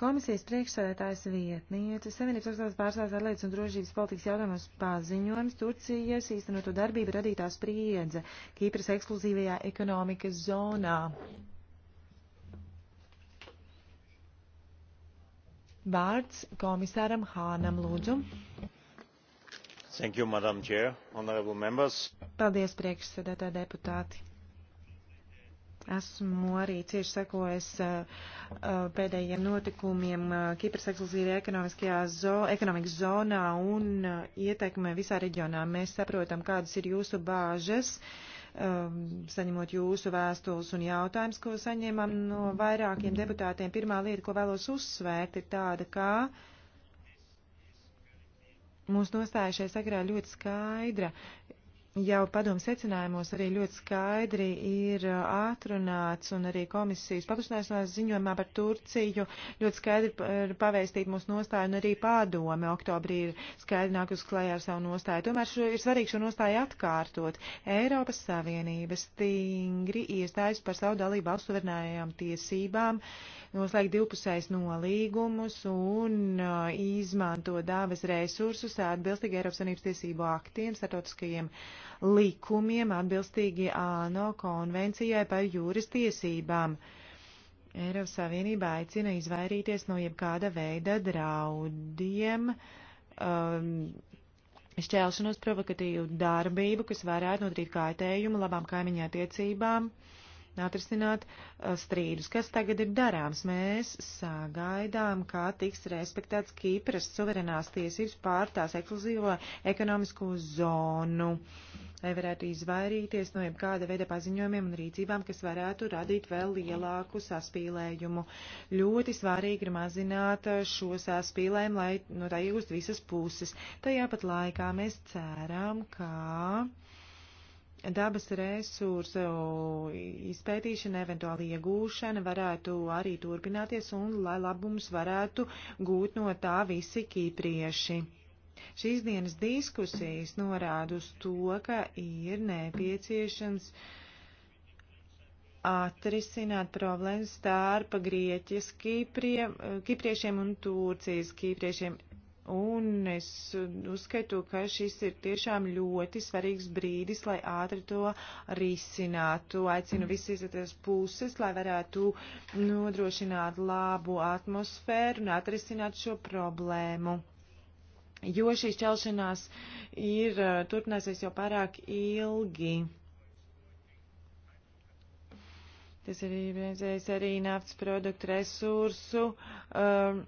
Komisijas priekšsēdētājas vietniece Savienības augstās pārstāvs ārlietas un drošības politikas jautājumos paziņojums Turcijas īstenoto darbību radītā spriedze Kīpras ekskluzīvajā ekonomikas zonā. Vārds komisāram Hānam lūdzu. Thank you, Madam Chair, honorable members. Paldies, priekšsēdētāji deputāti. Esmu arī cieši sekojis eh, eh, pēdējiem notikumiem eh, Kipras ekskluzīvajā ekonomiskajā zo, ekonomikas zonā un ietekme visā reģionā. Mēs saprotam, kādas ir jūsu bāžas saņemot jūsu vēstules un jautājumus, ko saņēmām no vairākiem deputātiem. Pirmā lieta, ko vēlos uzsvērt, ir tāda, ka mūsu nostāja šajā sakarā ļoti skaidra jau padomu secinājumos arī ļoti skaidri ir uh, atrunāts un arī komisijas paplašināšanās ziņojumā par Turciju ļoti skaidri pavēstīt mūsu nostāju un arī padome oktobrī ir skaidri nākus klajā ar savu nostāju. Tomēr šo, ir svarīgi šo nostāju atkārtot. Eiropas Savienība stingri iestājas par savu dalību valsts suverenējām tiesībām, noslēgt divpusējs nolīgumus un uh, izmanto dāvas resursus atbilstīgi Eiropas Savienības tiesību aktiem, startautiskajiem uh, likumiem atbilstīgi ANO konvencijai par jūras tiesībām. Eiropas Savienība aicina izvairīties no jebkāda veida draudiem, um, šķēlšanos provokatīvu darbību, kas varētu nodarīt kaitējumu labām kaimiņā tiecībām atrisināt uh, strīdus, kas tagad ir darāms. Mēs sagaidām, kā tiks respektēts Kīpras suverenās tiesības pār tās ekskluzīvo ekonomisko zonu. Uh, lai varētu izvairīties no jebkāda veida paziņojumiem un rīcībām, kas varētu radīt vēl lielāku saspīlējumu. Ļoti svarīgi ir mazināt šo saspīlējumu, lai no tā iegūst visas puses. Tajā pat laikā mēs ceram, ka dabas resursu izpētīšana, eventuāli iegūšana varētu arī turpināties un lai labums varētu gūt no tā visi kīprieši. Šīs dienas diskusijas norāda uz to, ka ir nepieciešams atrisināt problēmas starp Grieķijas Kiprie, kipriešiem un Turcijas kipriešiem. Un es uzskatu, ka šis ir tiešām ļoti svarīgs brīdis, lai ātri to risinātu. Aicinu visas tas puses, lai varētu nodrošināt labu atmosfēru un atrisināt šo problēmu jo šī šķelšanās ir eh, turpināsies jau pārāk ilgi. Tas arī reizēs arī naftas produktu resursu um,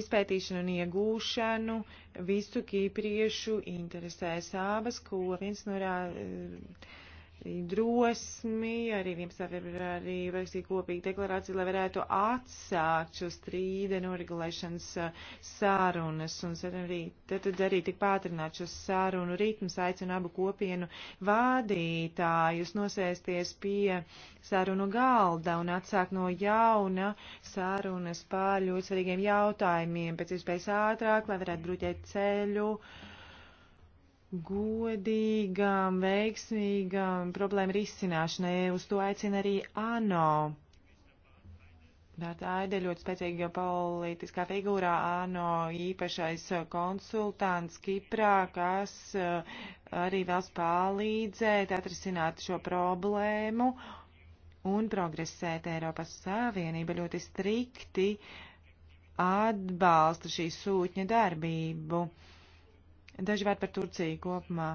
izpētīšanu un iegūšanu visu kīpriešu interesēs abas, ko viens norā. Uh, drosmi, arī 11. februārī veiksīja kopīgu deklarāciju, lai varētu atsākt šo strīda noregulēšanas uh, sārunas un arī, tad arī tik pātrināt šo sārunu ritmus, aicinu abu kopienu vādītājus nosēsties pie sārunu galda un atsākt no jauna sārunas pār ļoti svarīgiem jautājumiem, pēc iespējas ātrāk, lai varētu bruķēt ceļu. Uh, godīgam, veiksmīgam problēmu risināšanai. Uz to aicina arī ANO. Bērta Aide ļoti spēcīga politiskā figūrā, ANO īpašais konsultants Kiprā, kas eh, arī vēlas palīdzēt atrisināt šo problēmu un progresēt Eiropas Savienība ļoti strikti atbalsta šī sūtņa darbību. Uh, Daži vārdi par Turciju kopumā.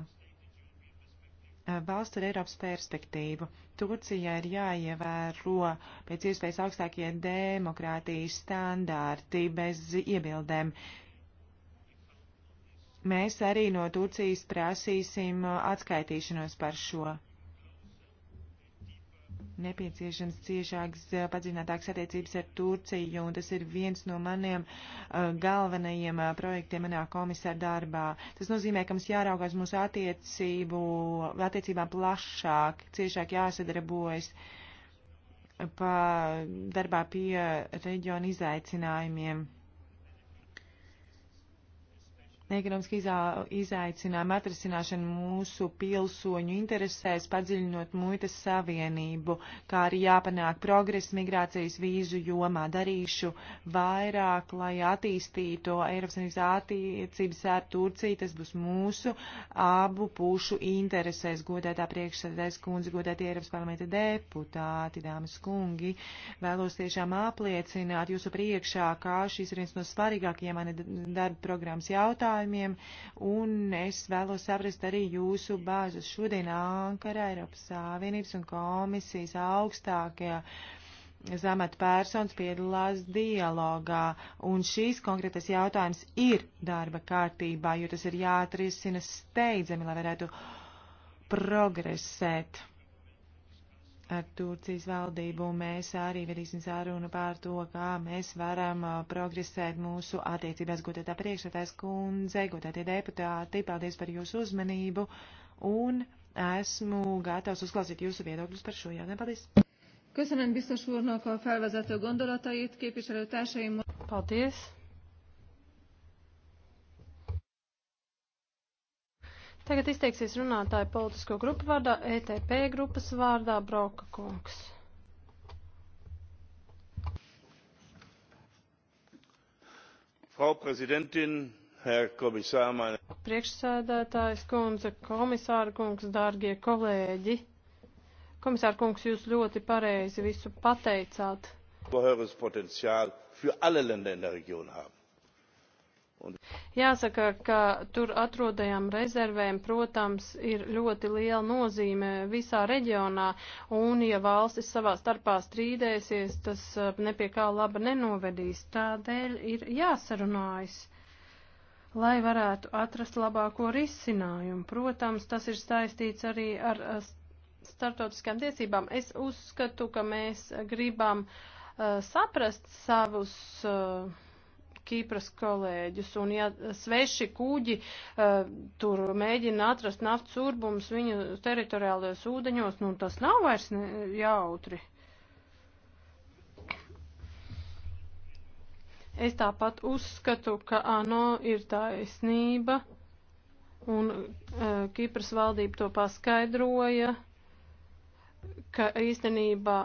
Valsts ar Eiropas perspektīvu. Turcija ir jāievēro pēc iespējas augstākie demokrātijas standārti bez iebildēm. Mēs arī no Turcijas prasīsim atskaitīšanos par šo nepieciešams ciešāks, eh, padziļinātāks attiecības ar Turciju, un tas ir viens no maniem uh, galvenajiem uh, projektiem manā komisāra darbā. Tas nozīmē, ka mums jāraugās mūsu attiecību, attiecībām plašāk, ciešāk jāsadarbojas pa darbā pie reģiona izaicinājumiem ekonomiski izā, izaicinājumi atrasināšana mūsu pilsoņu interesēs, padziļinot muitas savienību, kā arī jāpanāk progress migrācijas vīzu jomā. Darīšu vairāk, lai attīstītu Eiropas Savienības attiecības ar Turciju. Tas būs mūsu abu pušu interesēs, godētā priekšsēdētājs kundze, godētie Eiropas parlamenta deputāti, dāmas kungi. Vēlos tiešām apliecināt jūsu priekšā, kā šis ir viens no svarīgākajiem mani darba programmas jautājumiem jautājumiem, un es vēlos saprast arī jūsu bāzes. Šodien Ankara Eiropas Savienības un komisijas augstākajā zamata personas piedalās dialogā, un šīs konkrētais jautājums ir darba kārtībā, jo tas ir jāatrisina steidzami, lai varētu progresēt ar Turcijas valdību. Mēs arī vedīsim sārunu pār to, kā mēs varam uh, progresēt mūsu attiecībās. Gotētā priekšsētājs kundze, gotētie deputāti, paldies par jūsu uzmanību un esmu gatavs uzklausīt jūsu viedokļus par šo jautājumu. Paldies! Köszönöm biztos úrnak a felvezető gondolatait, képviselőtársaim. Paldies! Tagad izteiksies runātāja politisko grupu vārdā, ETP grupas vārdā Broka kungs. Frau Präsidentin, Herr Kommissar, meine Priekšsēdētājs kundze, komisāra kungs, dārgie kolēģi. Komisāra kungs, jūs ļoti pareizi visu pateicāt. Gehöriges Potenzial für alle Länder in der Region haben Jāsaka, ka tur atrodajām rezervēm, protams, ir ļoti liela nozīme visā reģionā, un ja valstis savā starpā strīdēsies, tas eh, nepie kā laba nenovedīs. Tādēļ ir jāsarunājas, lai varētu atrast labāko risinājumu. Protams, tas ir saistīts arī ar eh, starptautiskām tiesībām. Es uzskatu, ka mēs gribam uh, saprast savus. Uh, Kīpras kolēģus, un ja sveši kuģi uh, tur mēģina atrast naftas urbumus viņu teritoriālajos ūdeņos, nu tas nav vairs jautri. Es tāpat uzskatu, ka ANO ir taisnība, un uh, Kipras valdība to paskaidroja, ka īstenībā.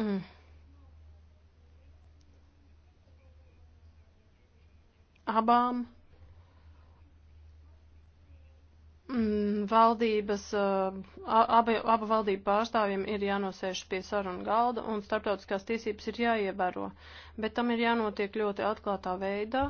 Mm, abām mm, valdības, eh, abi, abu valdību pārstāvjiem ir jānosēž pie sarunu galda un starptautiskās tiesības ir jāievēro, bet tam ir jānotiek ļoti atklātā veidā.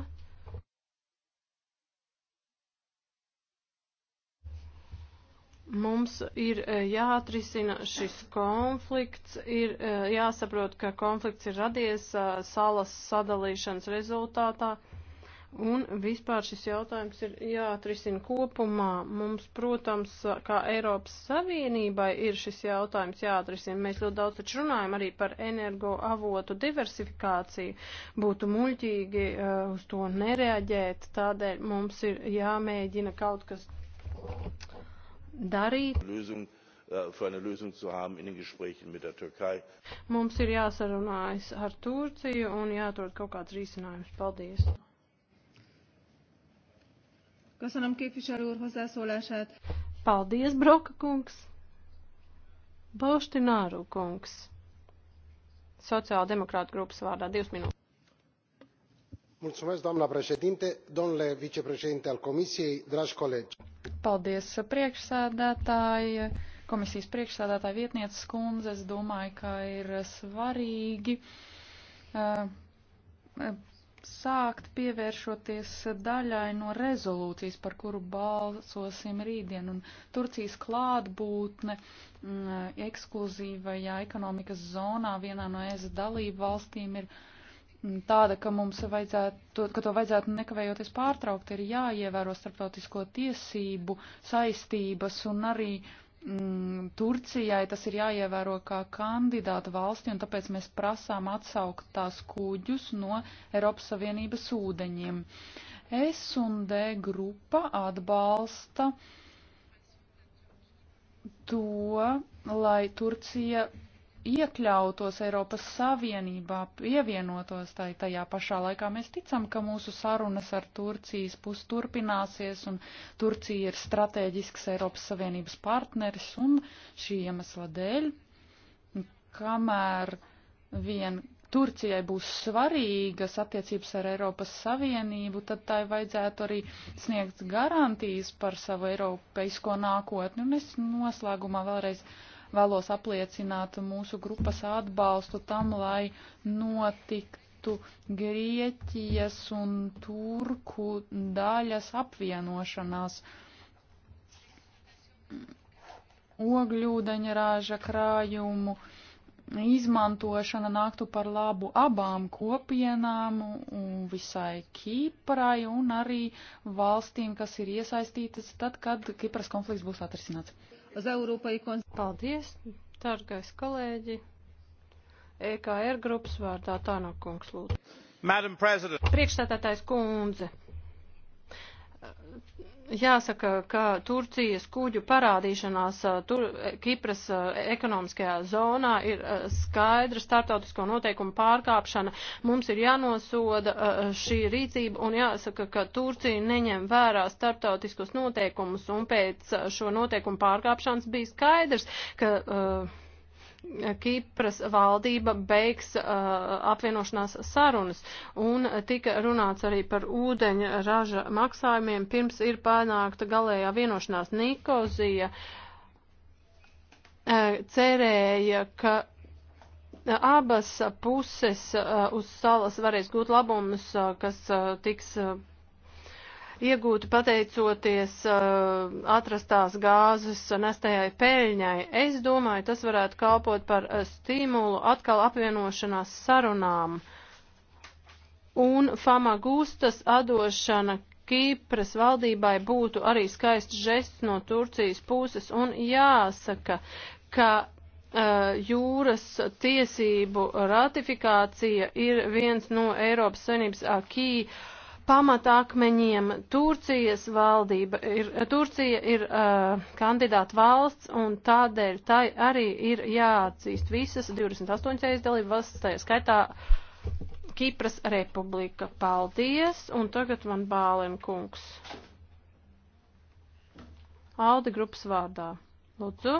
Mums ir eh, jāatrisina šis konflikts, ir eh, jāsaprot, ka konflikts ir radies salas sadalīšanas rezultātā. Un vispār šis jautājums ir jāatrisina kopumā. Mums, protams, kā Eiropas Savienībai ir šis jautājums jāatrisina. Mēs ļoti daudz taču runājam arī par energoavotu diversifikāciju. Būtu muļķīgi uh, uz to nereaģēt, tādēļ mums ir jāmēģina kaut kas darīt. Lösung äh, für eine Lösung zu haben in den Gesprächen mit der Türkei. Mums ir jāsarunājas ar Turciju un jāatrod kaut kāds risinājums. Paldies! Köszönöm képviselő úr hozzászólását. Paldies, Broka kungs. Boštināru kungs. Sociāldemokrāta grupas vārdā divas minūtes. Mulțumesc, doamna președinte, domnule vicepreședinte al Comisiei, dragi colegi. Paldies, priekšsēdētāji, komisijas priekšsēdētāja vietnieces kundze. Es domāju, ka ir svarīgi uh, sākt pievēršoties daļai no rezolūcijas, par kuru balsosim rītdien, un Turcijas klātbūtne mm, ekskluzīvajā ekonomikas zonā vienā no EZ dalību valstīm ir mm, tāda, ka mums vajadzētu, ka to vajadzētu nekavējoties pārtraukt, ir jāievēro starptautisko tiesību saistības un arī uh, mm, Turcijai tas ir jāievēro kā kandidāta valsti, un tāpēc mēs prasām atsaukt tās kuģus no Eiropas Savienības ūdeņiem. S un D grupa atbalsta to, lai Turcija iekļautos Eiropas Savienībā, pievienotos tai tajā pašā laikā. Mēs ticam, ka mūsu sarunas ar Turcijas pusi turpināsies, un Turcija ir strateģisks Eiropas Savienības partneris, un šī iemesla dēļ, kamēr vien Turcijai būs svarīgas attiecības ar Eiropas Savienību, tad tai vajadzētu arī sniegt garantijas par savu eiropeisko nākotni. Un es noslēgumā vēlreiz vēlos apliecināt mūsu grupas atbalstu tam, lai notiktu Grieķijas un Turku daļas apvienošanās. Ogļūdeņrāža krājumu izmantošana nāktu par labu abām kopienām, visai Kīprai un arī valstīm, kas ir iesaistītas tad, kad Kipras konflikts būs atrisināts az európai Paldies, dārgais kolēģi! EKR grupas vārdā Tānakungs lūdzu. Priekšstādātājs kundze. Jāsaka, ka Turcijas kuģu parādīšanās tur, Kipras ekonomiskajā zonā ir skaidra startautisko noteikumu pārkāpšana. Mums ir jānosoda šī rīcība un jāsaka, ka Turcija neņem vērā startautiskos noteikumus un pēc šo noteikumu pārkāpšanas bija skaidrs, ka. Uh, Kipras valdība beigs uh, apvienošanās sarunas un tika runāts arī par ūdeņa raža maksājumiem, pirms ir panākta galējā vienošanās Nikozija uh, cerēja, ka uh, abas puses uh, uz salas varēs gūt labumus, uh, kas uh, tiks. Uh, iegūti pateicoties uh, atrastās gāzes nestajai peļņai. Es domāju, tas varētu kalpot par uh, stimulu atkal apvienošanās sarunām. Un Famagustas atdošana Kīpras valdībai būtu arī skaists žests no Turcijas puses un jāsaka, ka uh, jūras tiesību ratifikācija ir viens no Eiropas Savienības akī uh, pamatākmeņiem. Turcijas valdība ir, Turcija ir uh, kandidāta valsts un tādēļ tai arī ir jāatzīst visas 28 dalību valsts, tajā skaitā Kipras republika. Paldies, un tagad man bālēm kungs. Alde grupas vārdā. Lūdzu.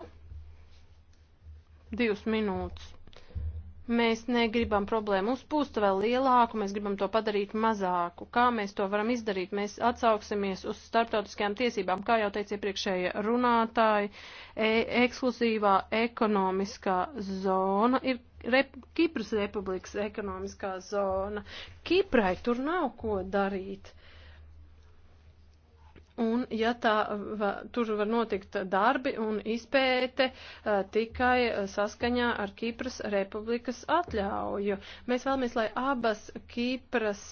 Divas minūtes. Mēs negribam problēmu uzpūst vēl lielāku, mēs gribam to padarīt mazāku. Kā mēs to varam izdarīt? Mēs atsauksimies uz starptautiskajām tiesībām, kā jau teica iepriekšējie runātāji. E ekskluzīvā ekonomiskā zona ir Rep Kipras republikas ekonomiskā zona. Kiprai tur nav ko darīt. Uh, Un, ja tā, va, tur var notikt darbi un izpēte uh, tikai saskaņā ar Kīpras republikas atļauju. Mēs vēlamies, lai abas Kīpras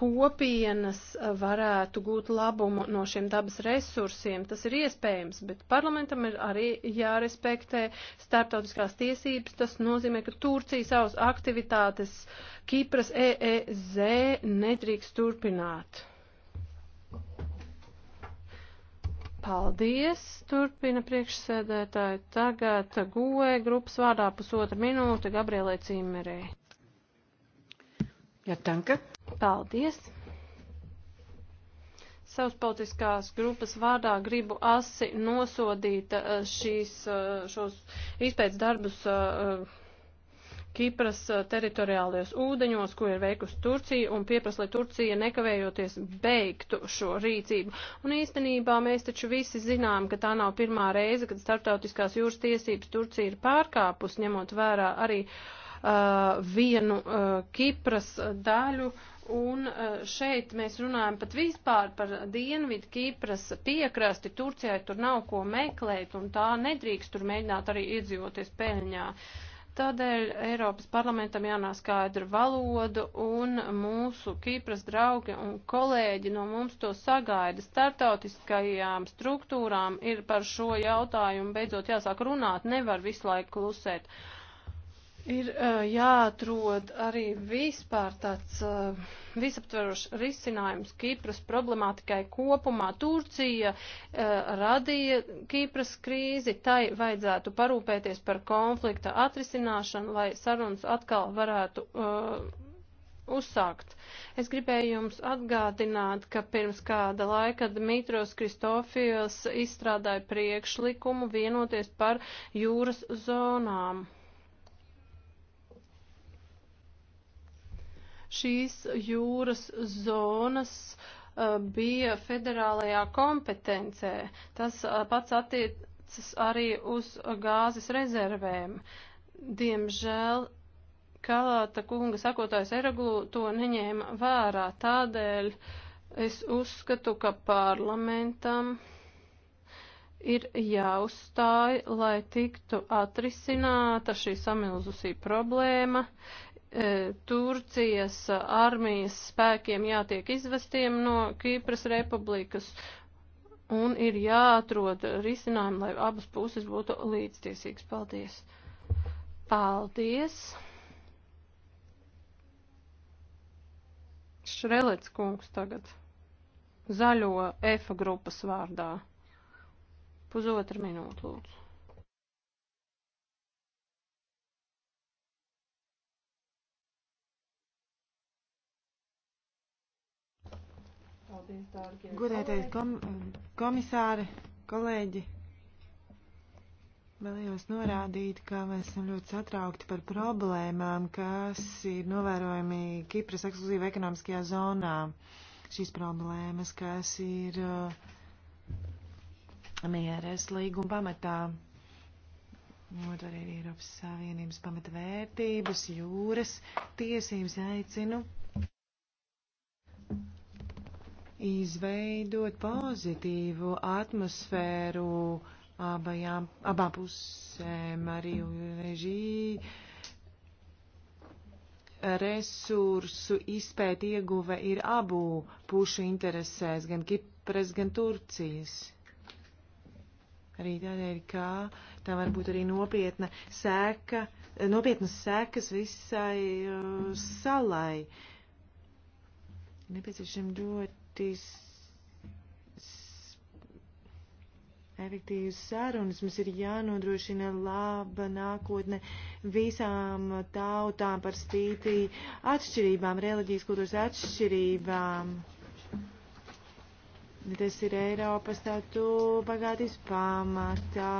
kopienas varētu gūt labumu no šiem dabas resursiem. Tas ir iespējams, bet parlamentam ir arī jārespektē starptautiskās tiesības. Tas nozīmē, ka Turcija savas aktivitātes Kīpras EEZ nedrīkst turpināt. Paldies, turpina priekšsēdētāji. Tagad goe grupas vārdā pusotra minūte Gabrielai Cimerē. Jā, ja, tanka. Paldies. Savas politiskās grupas vārdā gribu asi nosodīt eh, šīs, eh, šos izpēc darbus eh, Kipras eh, teritoriālajos ūdeņos, ko ir veikusi Turcija, un pieprasa, lai Turcija nekavējoties beigtu šo rīcību. Un īstenībā mēs taču visi zinām, ka tā nav pirmā reize, kad starptautiskās jūras tiesības Turcija ir pārkāpus, ņemot vērā arī uh, vienu uh, Kipras daļu. Un šeit mēs runājam pat vispār par dienvidu Kīpras piekrasti. Turcijai tur nav ko meklēt, un tā nedrīkst tur mēģināt arī iedzīvoties peļņā. Uh, Tādēļ Eiropas parlamentam jānāk skaidru valodu un mūsu Kīpras draugi un kolēģi no mums to sagaida. Startautiskajām struktūrām ir par šo jautājumu beidzot jāsāk runāt, nevar visu laiku klusēt. Uh, Ir uh, jāatrod arī vispār tāds uh, visaptverošs risinājums Kīpras problemātikai kopumā. Turcija uh, radīja Kīpras krīzi, tai vajadzētu parūpēties par konflikta atrisināšanu, lai sarunas atkal varētu. Uh, Uzsākt. Es gribēju jums atgādināt, ka pirms kāda laika Dmitros Kristofijos izstrādāja priekšlikumu vienoties par jūras zonām šīs jūras zonas uh, bija federālajā kompetencē. Tas uh, pats attiecas arī uz gāzes rezervēm. Diemžēl Kalāta kunga sakotājs Eraglu to neņēma vērā. Tādēļ es uzskatu, ka parlamentam ir jāuzstāj, lai tiktu atrisināta šī samilzusī problēma. Uh, E, Turcijas armijas spēkiem jātiek izvestiem no Kīpras republikas un ir jāatrod risinājumi, lai abas puses būtu līdztiesīgas. Paldies! Paldies! Šrelets kungs tagad zaļo F grupas vārdā. Pusotra minūte, lūdzu. Paldies, dārgie. Godētais kom komisāri, kolēģi. Vēlējos norādīt, ka mēs esam ļoti satraukti par problēmām, kas ir novērojami Kipras ekskluzīva ekonomiskajā zonā. Šīs problēmas, kas ir uh, mieres līguma pamatā. Not arī Eiropas Savienības pamatvērtības, jūras tiesības aicinu izveidot pozitīvu atmosfēru abajām, abām pusēm, arī režī resursu izpēt ieguve ir abu pušu interesēs, gan Kipras, gan Turcijas. Arī tādēļ, kā tā var būt arī nopietna sēka, nopietnas sēkas visai uh, salai. Nepieciešam ļoti Τις efektīvas sarunas. Mums ir jānodrošina laba nākotne visām tautām par spīti atšķirībām, reliģijas kultūras atšķirībām. Tas ir Eiropas tautu bagātības pamatā.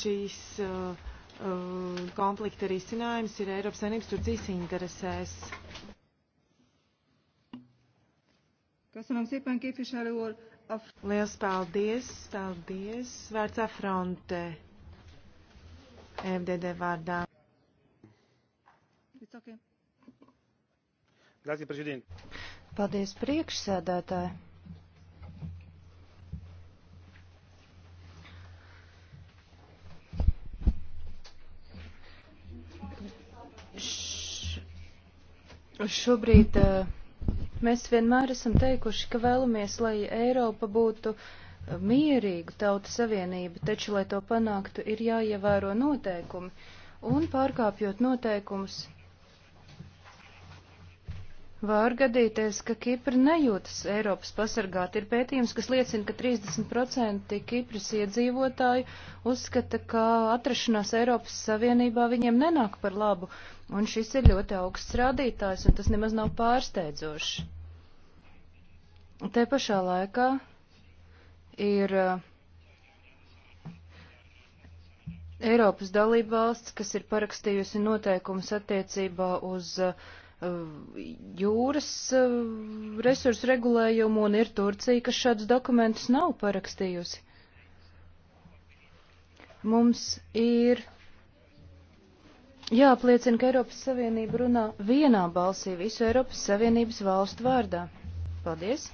Šīs uh, uh, konflikta risinājums ir Eiropas Sanības Turcijas interesēs. Köszönöm szépen, képviselő úr. A... Liels paldies, paldies. Vārds Afronte. FDD vārdā. Okay. Grazie, prezident. Paldies, priekšsēdētāji. Šobrīd uh, Mēs vienmēr esam teikuši, ka vēlamies, lai Eiropa būtu uh, mierīga tauta savienība, taču, lai to panāktu, ir jāievēro noteikumi, un pārkāpjot noteikumus, Var gadīties, ka Kipra nejūtas Eiropas pasargāt. Ir pētījums, kas liecina, ka 30% Kipras iedzīvotāju uzskata, ka atrašanās Eiropas Savienībā viņiem nenāk par labu, un šis ir ļoti augsts rādītājs, un tas nemaz nav pārsteidzoši. Te pašā laikā ir uh, Eiropas dalībvalsts, kas ir parakstījusi noteikumus attiecībā uz uh, Uh, jūras uh, resursu regulējumu, un ir Turcija, kas šādus dokumentus nav parakstījusi. Mums ir jāapliecina, ka Eiropas Savienība runā vienā balsī visu Eiropas Savienības valstu vārdā. Paldies!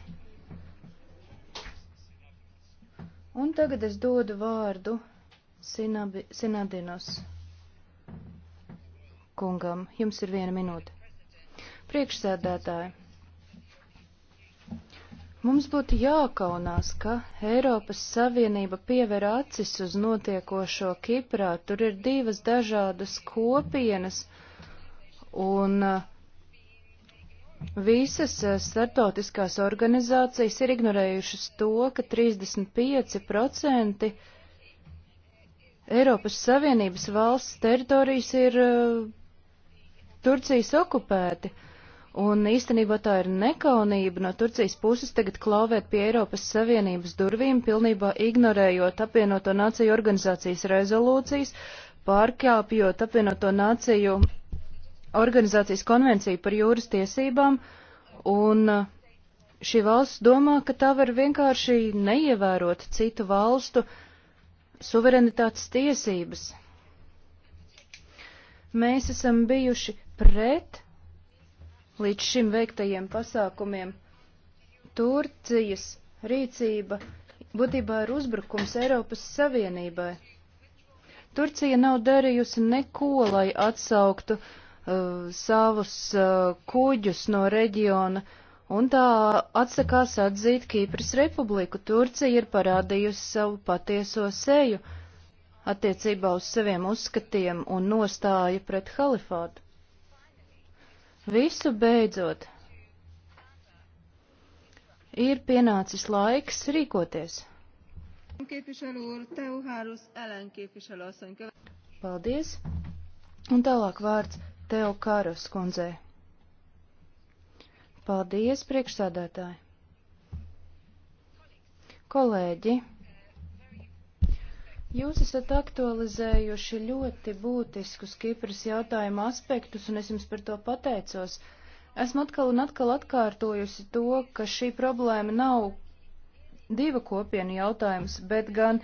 Un tagad es dodu vārdu Sinadinos kungam. Jums ir viena minūte. Priekšsēdētāji, mums būtu jākaunās, ka Eiropas Savienība piever acis uz notiekošo Kiprā. Tur ir divas dažādas kopienas un uh, Visas uh, startautiskās organizācijas ir ignorējušas to, ka 35% Eiropas Savienības valsts teritorijas ir uh, Turcijas okupēti. Uh, Un īstenībā tā ir nekaunība no Turcijas puses tagad klauvēt pie Eiropas Savienības durvīm, pilnībā ignorējot apvienoto nāciju organizācijas rezolūcijas, pārkāpjot apvienoto nāciju organizācijas konvenciju par jūras tiesībām, un uh, šī valsts domā, ka tā var vienkārši neievērot citu valstu suverenitātes tiesības. Mēs esam bijuši pret līdz šim veiktajiem pasākumiem. Turcijas rīcība būtībā ir uzbrukums Eiropas Savienībai. Turcija nav darījusi neko, lai atsauktu uh, savus uh, kuģus no reģiona, un tā atsakās atzīt Kīpras republiku. Turcija ir parādījusi savu patieso seju attiecībā uz saviem uzskatiem un nostāju pret halifātu. Visu beidzot ir pienācis laiks rīkoties. Paldies. Un tālāk vārds Teo Kāros kundzē. Paldies, priekšsādātāji. Kolēģi. Jūs esat aktualizējuši ļoti būtiskus Kipras jautājuma aspektus, un es jums par to pateicos. Esmu atkal un atkal atkārtojusi to, ka šī problēma nav divu kopienu jautājums, bet gan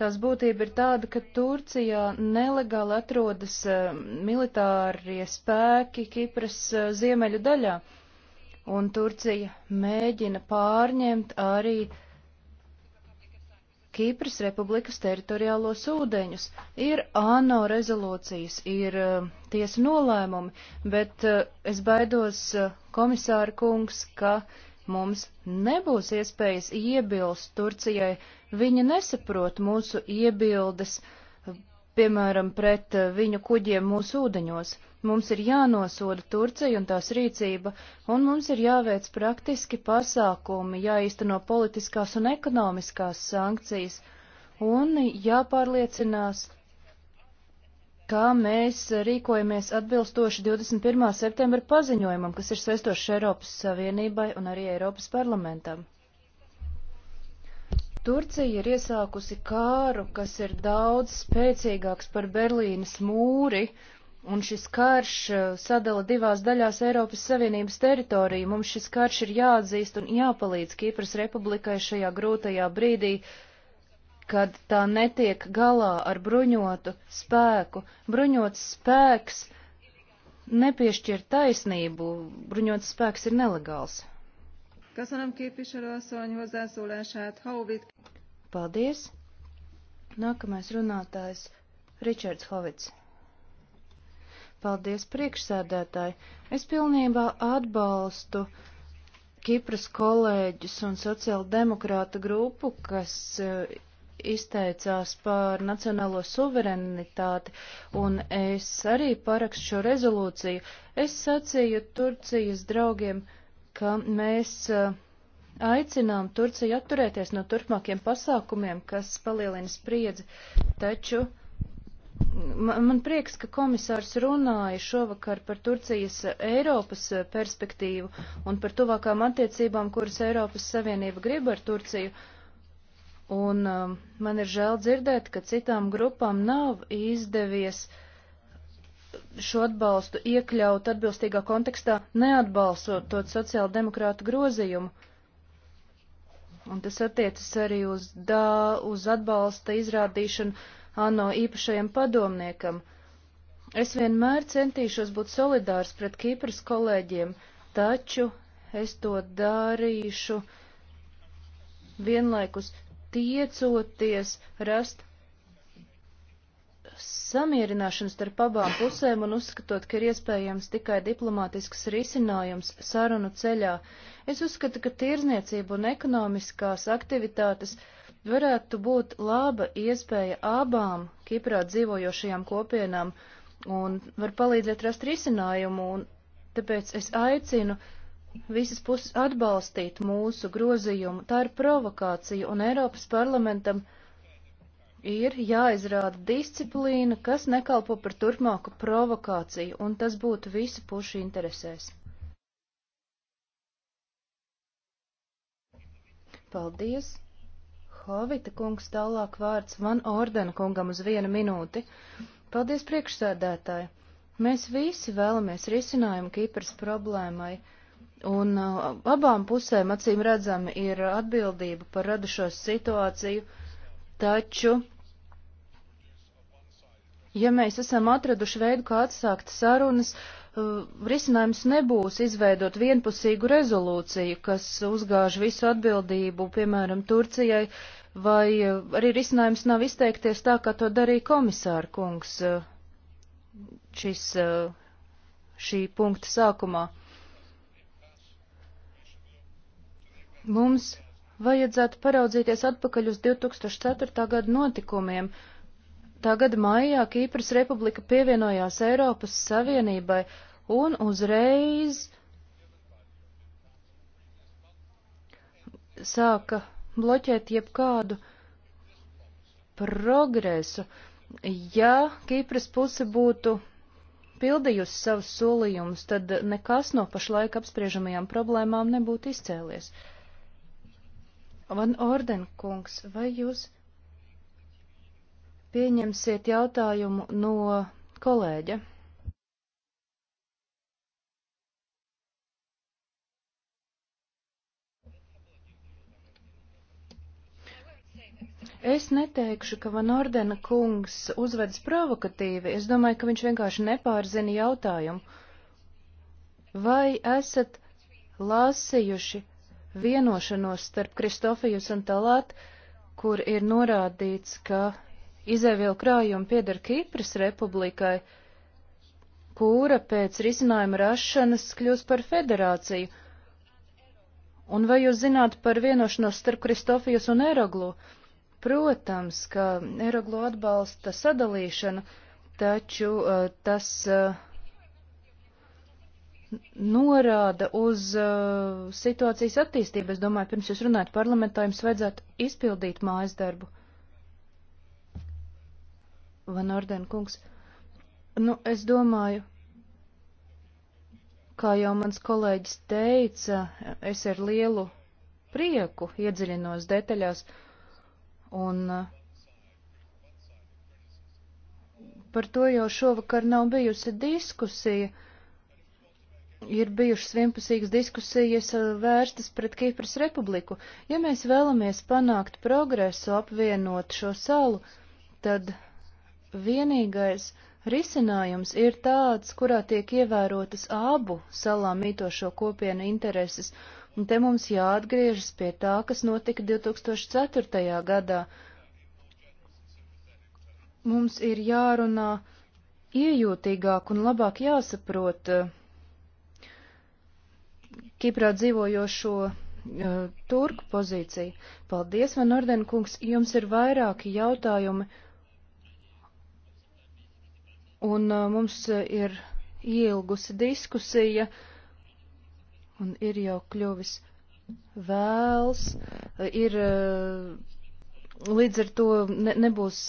tās būtība ir tāda, ka Turcijā nelegāli atrodas eh, militārie spēki Kipras eh, ziemeļu daļā, un Turcija mēģina pārņemt arī uh, Kīpras republikas teritoriālos ūdeņus. Ir ANO rezolūcijas, ir uh, tiesa nolēmumi, bet uh, es baidos, uh, komisāra kungs, ka mums nebūs iespējas iebilst Turcijai. Viņa nesaprot mūsu iebildes. Uh, piemēram, pret eh, viņu kuģiem mūsu ūdeņos. Mums ir jānosoda Turcija un tās rīcība, un mums ir jāveic praktiski pasākumi, jāīsteno politiskās un ekonomiskās sankcijas, un jāpārliecinās, kā mēs rīkojamies atbilstoši 21. septembra paziņojumam, kas ir saistošs Eiropas Savienībai un arī Eiropas parlamentam. Turcija ir iesākusi kāru, kas ir daudz spēcīgāks par Berlīnas mūri, un šis karš eh, sadala divās daļās Eiropas Savienības teritoriju. Mums šis karš ir jāatzīst un jāpalīdz Kīpras republikai šajā grūtajā brīdī, kad tā netiek galā ar bruņotu spēku. Bruņots spēks nepiešķir taisnību, bruņots spēks ir nelegāls. Köszönöm képviselőasszony hozzászólását. Hauvit. Paldies. Nākamais runātājs Ričards Hovits. Paldies, priekšsēdētāji. Es pilnībā atbalstu Kipras kolēģus un sociāldemokrāta grupu, kas eh, izteicās par nacionālo suverenitāti, un es arī parakstu šo rezolūciju. Es sacīju Turcijas draugiem, uh, ka mēs eh, aicinām Turciju atturēties no turpmākiem pasākumiem, kas palielina spriedzi, taču man, man prieks, ka komisārs runāja šovakar par Turcijas eh, Eiropas eh, perspektīvu un par tuvākām attiecībām, kuras Eiropas Savienība grib ar Turciju. Un um, man ir žēl dzirdēt, ka citām grupām nav izdevies uh, šo atbalstu iekļaut atbilstīgā kontekstā, neatbalstot sociāla demokrāta grozījumu. Un tas attiecas arī uz, dā, uz atbalsta izrādīšanu ANO īpašajam padomniekam. Es vienmēr centīšos būt solidārs pret Kīpras kolēģiem, taču es to darīšu vienlaikus tiecoties rast samierināšanu starp abām pusēm un uzskatot, ka ir iespējams tikai diplomātisks risinājums sarunu ceļā. Es uzskatu, ka tirzniecība un ekonomiskās aktivitātes varētu būt laba iespēja abām Kiprā dzīvojošajām kopienām un var palīdzēt rast risinājumu, un tāpēc es aicinu visas puses atbalstīt mūsu grozījumu. Tā ir provokācija, un Eiropas parlamentam ir jāizrāda disciplīna, kas nekalpo par turpmāku provokāciju, un tas būtu visu pušu interesēs. Paldies! Hovita kungs tālāk vārds Van Ordena kungam uz vienu minūti. Paldies priekšsēdētāji! Mēs visi vēlamies risinājumu Kīpras problēmai, un uh, abām pusēm acīm redzami ir atbildība par radušos situāciju Taču, ja mēs esam atraduši veidu, kā atsākt sarunas, uh, risinājums nebūs izveidot vienpusīgu rezolūciju, kas uzgāž visu atbildību, piemēram, Turcijai, vai uh, arī risinājums nav izteikties tā, kā to darīja komisāra kungs uh, šis, šī punkta sākumā. Mums vajadzētu paraudzīties atpakaļ uz 2004. gada notikumiem. Tagad maijā Kīpras republika pievienojās Eiropas Savienībai un uzreiz sāka bloķēt jebkādu progresu. Ja Kīpras puse būtu pildījusi savus solījumus, tad nekas no pašlaik apspriežamajām problēmām nebūtu izcēlies. Uh, Van Orden kungs, vai jūs pieņemsiet jautājumu no kolēģa? Es neteikšu, ka Van Ordena kungs uzvedas provokatīvi. Es domāju, ka viņš vienkārši nepārzina jautājumu. Vai esat lasījuši vienošanos starp Kristofijus un Talāt, kur ir norādīts, ka izēvielu krājumi pieder Kīpras republikai, kura pēc risinājuma rašanas kļūs par federāciju. Un vai jūs zināt par vienošanos starp Kristofijus un Eroglu? Protams, ka Eroglu atbalsta sadalīšanu, taču uh, tas. Uh, norāda uz uh, situācijas attīstību. Es domāju, pirms jūs runājat parlamentā, jums vajadzētu izpildīt mājas darbu. Van Orden kungs. Nu, es domāju, kā jau mans kolēģis teica, es ar lielu prieku iedziļinos detaļās un uh, par to jau šovakar nav bijusi diskusija. Uh, ir bijušas vienpusīgas diskusijas eh, vērstas pret Kipras republiku. Ja mēs vēlamies panākt progresu apvienot šo salu, tad vienīgais risinājums ir tāds, kurā tiek ievērotas abu salām mītošo kopienu intereses, un te mums jāatgriežas pie tā, kas notika 2004. gadā. Mums ir jārunā iejūtīgāk un labāk jāsaprot, uh, Kiprā dzīvojošo uh, turku pozīciju. Paldies, Van Orden kungs, jums ir vairāki jautājumi, un uh, mums ir ielgusi diskusija, un ir jau kļuvis vēls, ir e, līdz ar to ne, nebūs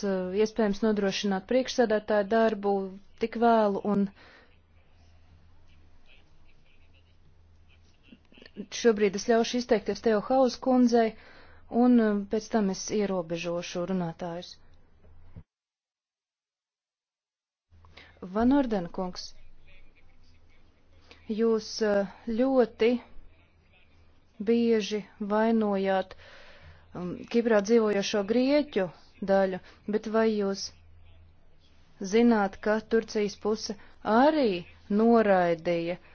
iespējams nodrošināt priekšsēdētāju darbu tik vēlu, un uh, šobrīd es ļaušu izteikties Teo Haus kundzei, un um, pēc tam es ierobežošu runātājus. Van Orden kungs, jūs uh, ļoti bieži vainojāt um, Kiprā dzīvojošo grieķu daļu, bet vai jūs zināt, ka Turcijas puse arī noraidīja uh,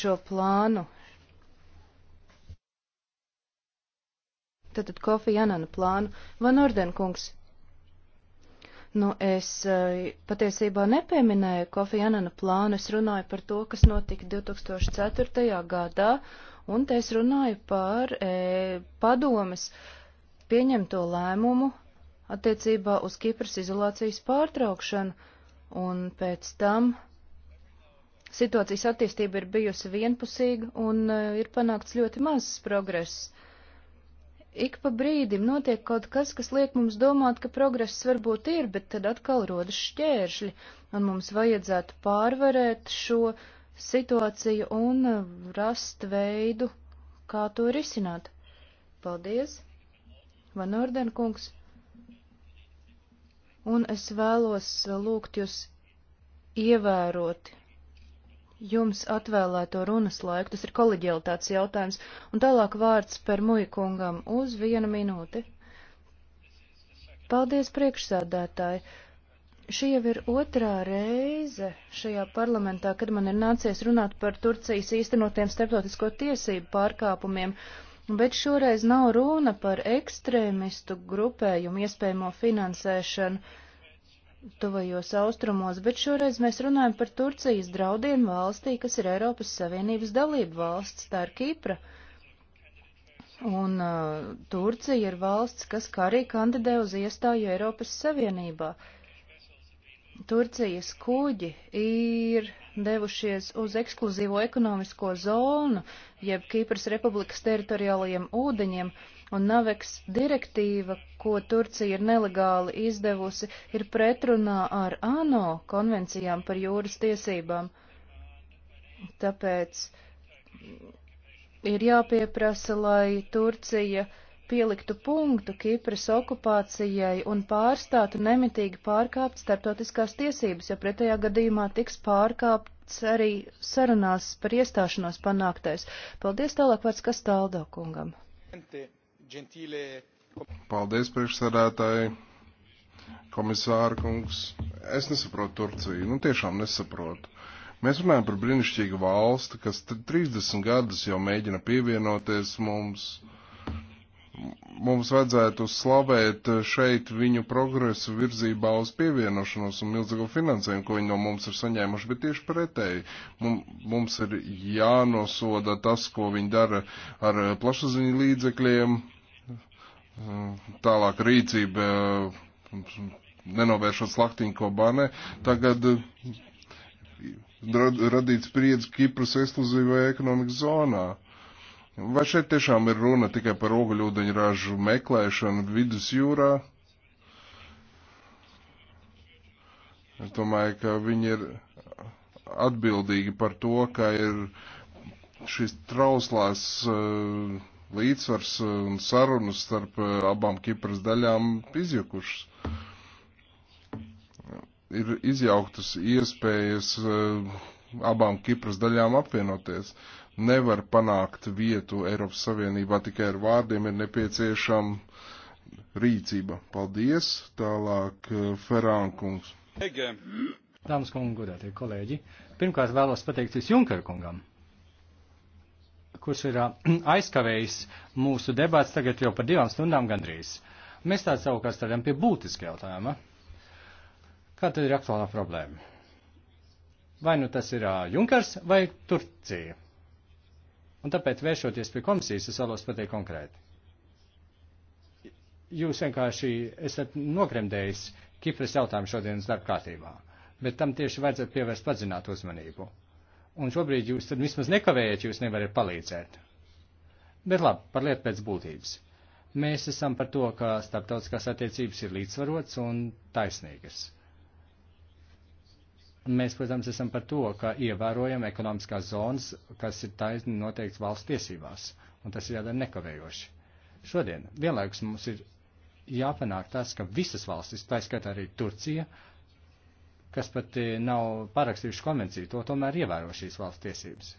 šo plānu. Tātad Kofi Janana plānu. Van Ordenkungs. Nu, es eh, patiesībā nepieminēju Kofi Janana plānu, es runāju par to, kas notika 2004. gadā, un te es runāju par e, eh, padomas pieņemto lēmumu attiecībā uz Kipras izolācijas pārtraukšanu, un pēc tam situācijas attīstība ir bijusi vienpusīga un eh, ir panākts ļoti mazs progress. Ik pa brīdim notiek kaut kas, kas liek mums domāt, ka progress varbūt ir, bet tad atkal rodas šķēršļi, un mums vajadzētu pārvarēt šo situāciju un eh, rast veidu, kā to risināt. Paldies, Van Orden kungs, un es vēlos eh, lūgt jūs ievēroti jums atvēlēto runas laiku. Tas ir koleģialitātes jautājums. Un tālāk vārds par muikungam uz vienu minūti. Paldies, priekšsādātāji! Šī jau ir otrā reize šajā parlamentā, kad man ir nācies runāt par Turcijas īstenotiem starptautisko tiesību pārkāpumiem, bet šoreiz nav runa par ekstrēmistu grupējumu iespējamo finansēšanu tuvajos austrumos, bet šoreiz mēs runājam par Turcijas draudiem valstī, kas ir Eiropas Savienības dalība valsts, tā ir Kipra. Un uh, Turcija ir valsts, kas kā arī kandidē uz iestāju Eiropas Savienībā. Turcijas kuģi ir devušies uz ekskluzīvo ekonomisko zonu, jeb Kīpras republikas teritoriālajiem ūdeņiem, uh, un Naveks direktīva, ko Turcija ir nelegāli izdevusi, ir pretrunā ar ANO konvencijām par jūras tiesībām. Tāpēc ir jāpieprasa, lai Turcija pieliktu punktu Kipras okupācijai un pārstātu nemitīgi pārkāpt starptautiskās tiesības, jo pretējā gadījumā tiks pārkāpts arī sarunās par iestāšanos panāktais. Paldies tālāk vārds Kastaldo kungam. Ente. Gentīlē. Paldies, priekšsēdētāji, komisāra kungs. Es nesaprotu Turciju, nu tiešām nesaprotu. Mēs runājam par brīnišķīgu valsti, kas 30 gadus jau mēģina pievienoties mums. Mums vajadzētu slavēt šeit viņu progresu virzībā uz pievienošanos un milzīgo finansējumu, ko viņi no mums ir saņēmuši, bet tieši pretēji. Mums ir jānosoda tas, ko viņi dara ar plašsaziņu līdzekļiem, Mm, tālāk rīcība eh, nenovēršot slaktiņko banē. Tagad eh, radīts priedz Kipras ekskluzīvajā ekonomikas zonā. Vai šeit tiešām ir runa tikai par oguļūdeņu ražu meklēšanu vidusjūrā? Es domāju, ka viņi ir atbildīgi par to, ka ir šis trauslās uh, līdzsvars eh, un sarunas starp eh, abām Kipras daļām izjukušas. Ir izjauktas iespējas eh, abām Kipras daļām apvienoties. Nevar panākt vietu Eiropas Savienībā tikai ar vārdiem, ir nepieciešama rīcība. Paldies, tālāk Ferānkungs. Dāmas kungi, godātie kolēģi, pirmkārt vēlos pateikties Junker kungam kurš ir aizkavējis mūsu debats tagad jau par divām stundām gandrīz. Mēs tā savukārt strādājam pie būtiska jautājuma. Kā tad ir aktuālā problēma? Vai nu tas ir Junkers vai Turcija? Un tāpēc, vēršoties pie komisijas, es vēlos pateikt konkrēti. Jūs vienkārši esat nogremdējis Kipras jautājumu šodienas darbkārtībā, bet tam tieši vajadzētu pievērst padzinātu uzmanību un šobrīd jūs tad vismaz nekavējat, jūs nevarat palīdzēt. Bet labi, par lietu pēc būtības. Mēs esam par to, ka starptautiskās attiecības ir līdzsvarots un taisnīgas. Mēs, protams, esam par to, ka ievērojam ekonomiskās zonas, kas ir taisni noteikts valsts tiesībās, un tas ir jādara nekavējoši. Šodien vienlaikus mums ir jāpanāk tas, ka visas valstis, tā skaitā arī Turcija, uh, kas pat eh, nav parakstījuši konvenciju, to tomēr ievēro šīs valsts tiesības.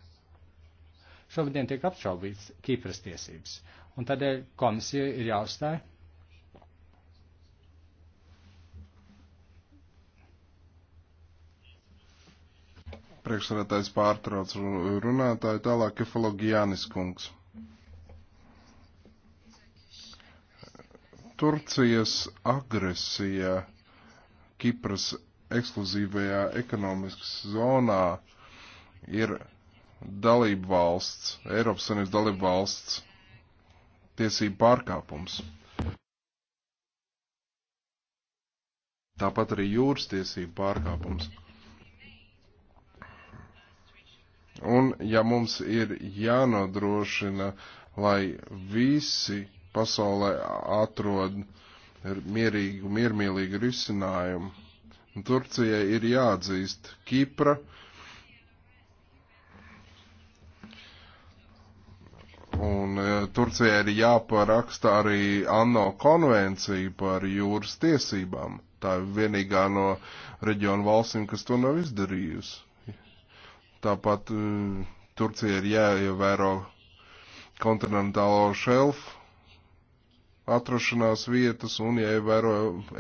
Šobrīd tiek apšaubīts Kīpras tiesības, un tādēļ komisija ir jāuzstāj. Priekšsarētājs pārtrauc runātāju tālāk Kefalogijānis kungs. Turcijas agresija Kipras ekskluzīvajā ekonomikas zonā ir dalību valsts, Eiropas Savienības dalību valsts tiesību pārkāpums. Tāpat arī jūras tiesību pārkāpums. Un ja mums ir jānodrošina, lai visi pasaulē atrod mierīgu, miermīlīgu risinājumu, Turcijai ir jāatzīst Kipra. Un e, Turcijai ir jāparaksta arī ANO konvenciju par jūras tiesībām. Tā ir vienīgā no reģionu valstīm, kas to nav izdarījusi. Tāpat e, Turcija ir jāievēro kontinentālo šelfu atrašanās vietas un jāievēro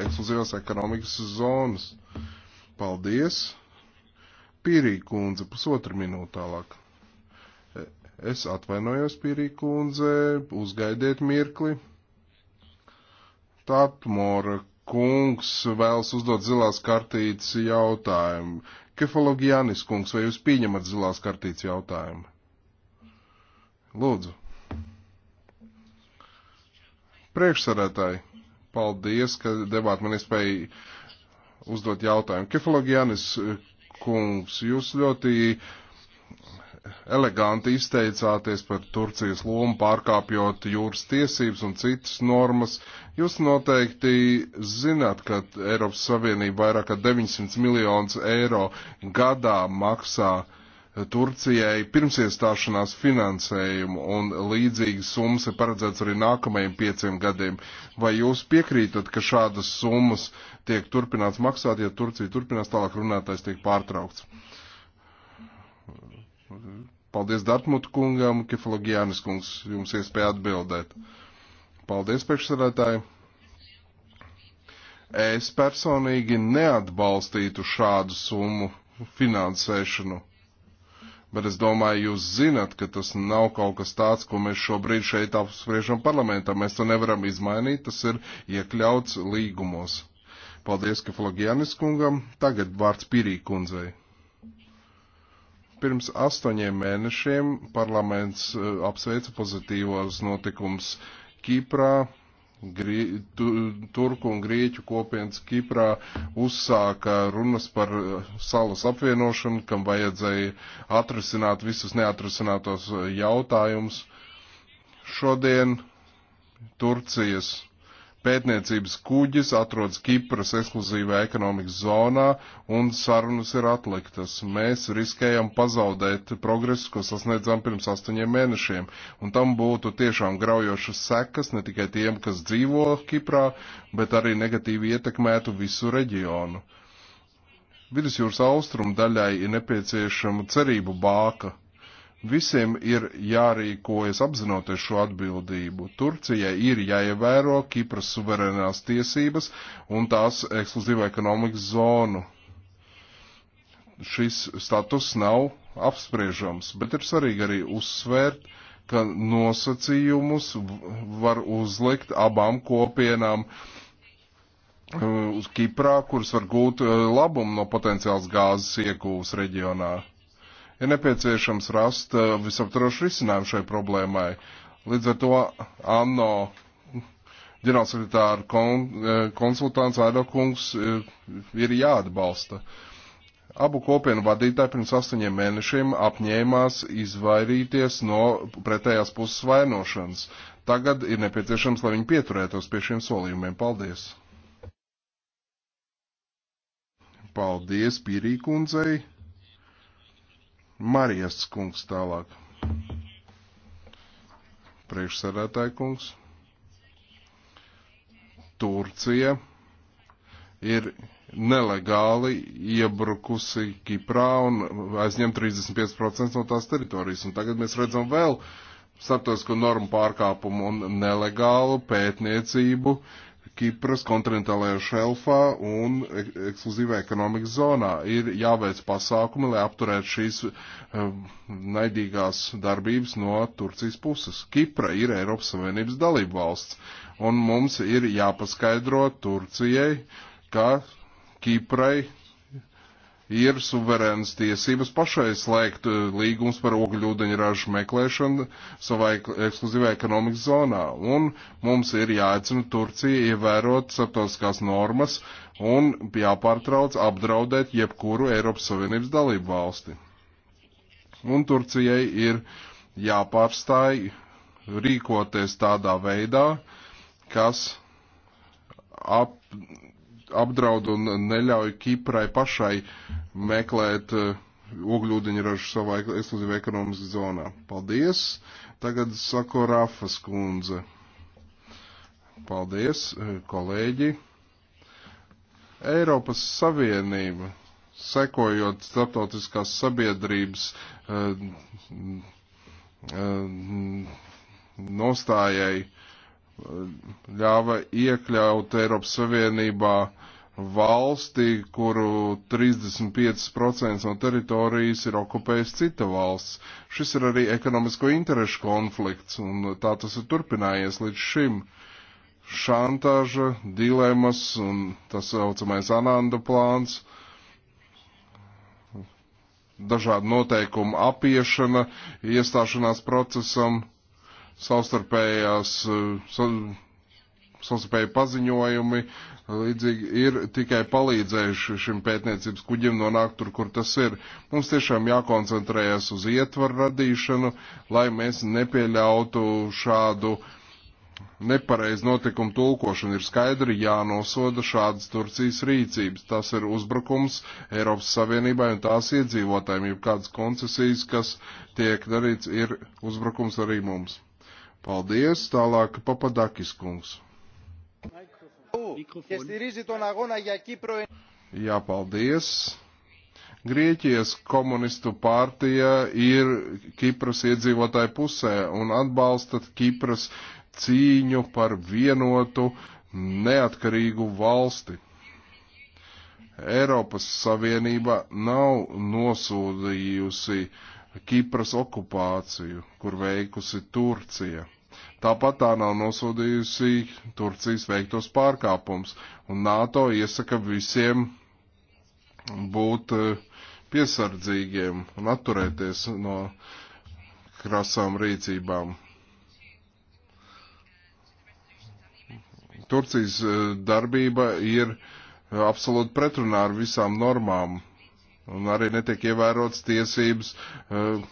ekskluzīvās ekonomikas zonas. Paldies! Pīrī kundze, pusotra minūte tālāk. Es atvainojos, Pīrī kundze, uzgaidiet mirkli. Tatmora kungs vēlas uzdot zilās kartītes jautājumu. Kefalogianis kungs, vai jūs pieņemat zilās kartītes jautājumu? Lūdzu. Priekšsarētāji, paldies, ka devāt man iespēju uzdot jautājumu. Kefalogianis eh, kungs, jūs ļoti eleganti izteicāties par Turcijas lomu, pārkāpjot jūras tiesības un citas normas. Jūs noteikti zināt, ka Eiropas Savienība vairāk kā 900 miljonus eiro gadā maksā uh, Turcijai pirms iestāšanās finansējumu un līdzīgas summas ir paredzēts arī nākamajiem pieciem gadiem. Vai jūs piekrītat, ka šādas summas tiek turpināts maksāt, ja Turcija turpinās tālāk runātais tiek pārtraukts? Paldies Dartmut kungam, Kefalogijānis kungs, jums iespēja atbildēt. Paldies, priekšsarētāji. Es personīgi neatbalstītu šādu summu finansēšanu Bet es domāju, jūs zinat, ka tas nav kaut kas tāds, ko mēs šobrīd šeit apspriežam parlamentā. Mēs to nevaram izmainīt, tas ir iekļauts līgumos. Paldies, ka Flagianis kungam. Tagad vārds Pirī kundzei. Pirms astoņiem mēnešiem parlaments eh, apsveica pozitīvos notikums Kiprā, Grī, tu, Turku un Grieķu kopienas Kiprā uzsāka runas par eh, salas apvienošanu, kam vajadzēja atrisināt visus neatrisinātos eh, jautājumus. Šodien Turcijas pētniecības kuģis atrodas Kipras ekskluzīvā ekonomikas zonā un sarunas ir atliktas. Mēs riskējam pazaudēt progresu, ko sasniedzām pirms astoņiem mēnešiem, un tam būtu tiešām graujošas sekas ne tikai tiem, kas dzīvo Kiprā, bet arī negatīvi ietekmētu visu reģionu. Vidusjūras austrumu daļai ir nepieciešama cerību bāka Visiem ir jārīkojas apzinoties šo atbildību. Turcijai ir jāievēro Kipras suverenās tiesības un tās ekskluzīva ekonomikas zonu. Šis status nav apspriežams, bet ir svarīgi arī uzsvērt, ka nosacījumus var uzlikt abām kopienām uh, uz Kiprā, kuras var gūt uh, labumu no potenciāls gāzes iegūs reģionā Ir nepieciešams rast eh, visaptrošu risinājumu šai problēmai. Līdz ar to ANO ģenerālsekretāra kon, eh, konsultants Aidokungs eh, ir jāatbalsta. Abu kopienu vadītāji pirms astoņiem mēnešiem apņēmās izvairīties no pretējās puses vainošanas. Tagad ir nepieciešams, lai viņi pieturētos pie šiem solījumiem. Paldies! Paldies Pirīkundzei! Marijas kungs tālāk. Priekšsēdētāja kungs. Turcija ir nelegāli iebrukusi Kiprā un aizņem 35% no tās teritorijas. Un tagad mēs redzam vēl starptautisko normu pārkāpumu un nelegālu pētniecību uh, Kipras kontinentālajā šelfā un e, ekskluzīvā ekonomikas zonā. Ir jāveic pasākumi, lai apturētu šīs e, naidīgās darbības no Turcijas puses. Kipra ir Eiropas Savienības dalība valsts, un mums ir jāpaskaidro Turcijai, ka Kiprai ir suverēnas tiesības pašai slēgt eh, līgums par ogļūdeņu ražu meklēšanu savā ekskluzīvā ekonomikas zonā. Un mums ir jāaicina Turcija ievērot starptautiskās normas un jāpārtrauc apdraudēt jebkuru Eiropas Savienības dalību valsti. Un Turcijai ir jāpārstāj rīkoties tādā veidā, kas ap apdraud un neļauj Kiprai pašai meklēt eh, ogļūdeņražu savā ekskluzīvā ekonomiskā zonā. Paldies! Tagad sako Rafas kundze. Paldies, eh, kolēģi! Eiropas Savienība, sekojot starptautiskās sabiedrības uh, uh, nostājai, uh, ļāva iekļaut Eiropas Savienībā valsti, kuru 35% no teritorijas ir okupējis cita valsts. Šis ir arī ekonomisko interešu konflikts, un tā tas ir turpinājies līdz šim. Šantāža, dilemas un tas saucamais Ananda plāns, dažādu noteikumu apiešana, iestāšanās procesam savstarpējās, eh, savstarpēji paziņojumi līdzīgi ir tikai palīdzējuši šim pētniecības kuģim nonākt tur, kur tas ir. Mums tiešām jākoncentrējas uz ietvaru radīšanu, lai mēs nepieļautu šādu nepareizu notikumu tulkošanu. Ir skaidri jānosoda šādas Turcijas rīcības. Tas ir uzbrukums Eiropas Savienībai un tās iedzīvotājiem, jo kādas koncesijas, kas tiek darīts, ir uzbrukums arī mums. Paldies, tālāk Papadakis kungs. Jā, paldies. Grieķijas komunistu pārtija ir Kipras iedzīvotāju pusē un atbalsta Kipras cīņu par vienotu neatkarīgu valsti. Eiropas Savienība nav nosūdījusi Kipras okupāciju, kur veikusi Turcija. Tāpat tā nav nosodījusi Turcijas veiktos pārkāpums, un NATO iesaka visiem būt eh, piesardzīgiem un atturēties no krasām rīcībām. Turcijas eh, darbība ir absolūti pretrunā ar visām normām, un arī netiek ievērots tiesības eh,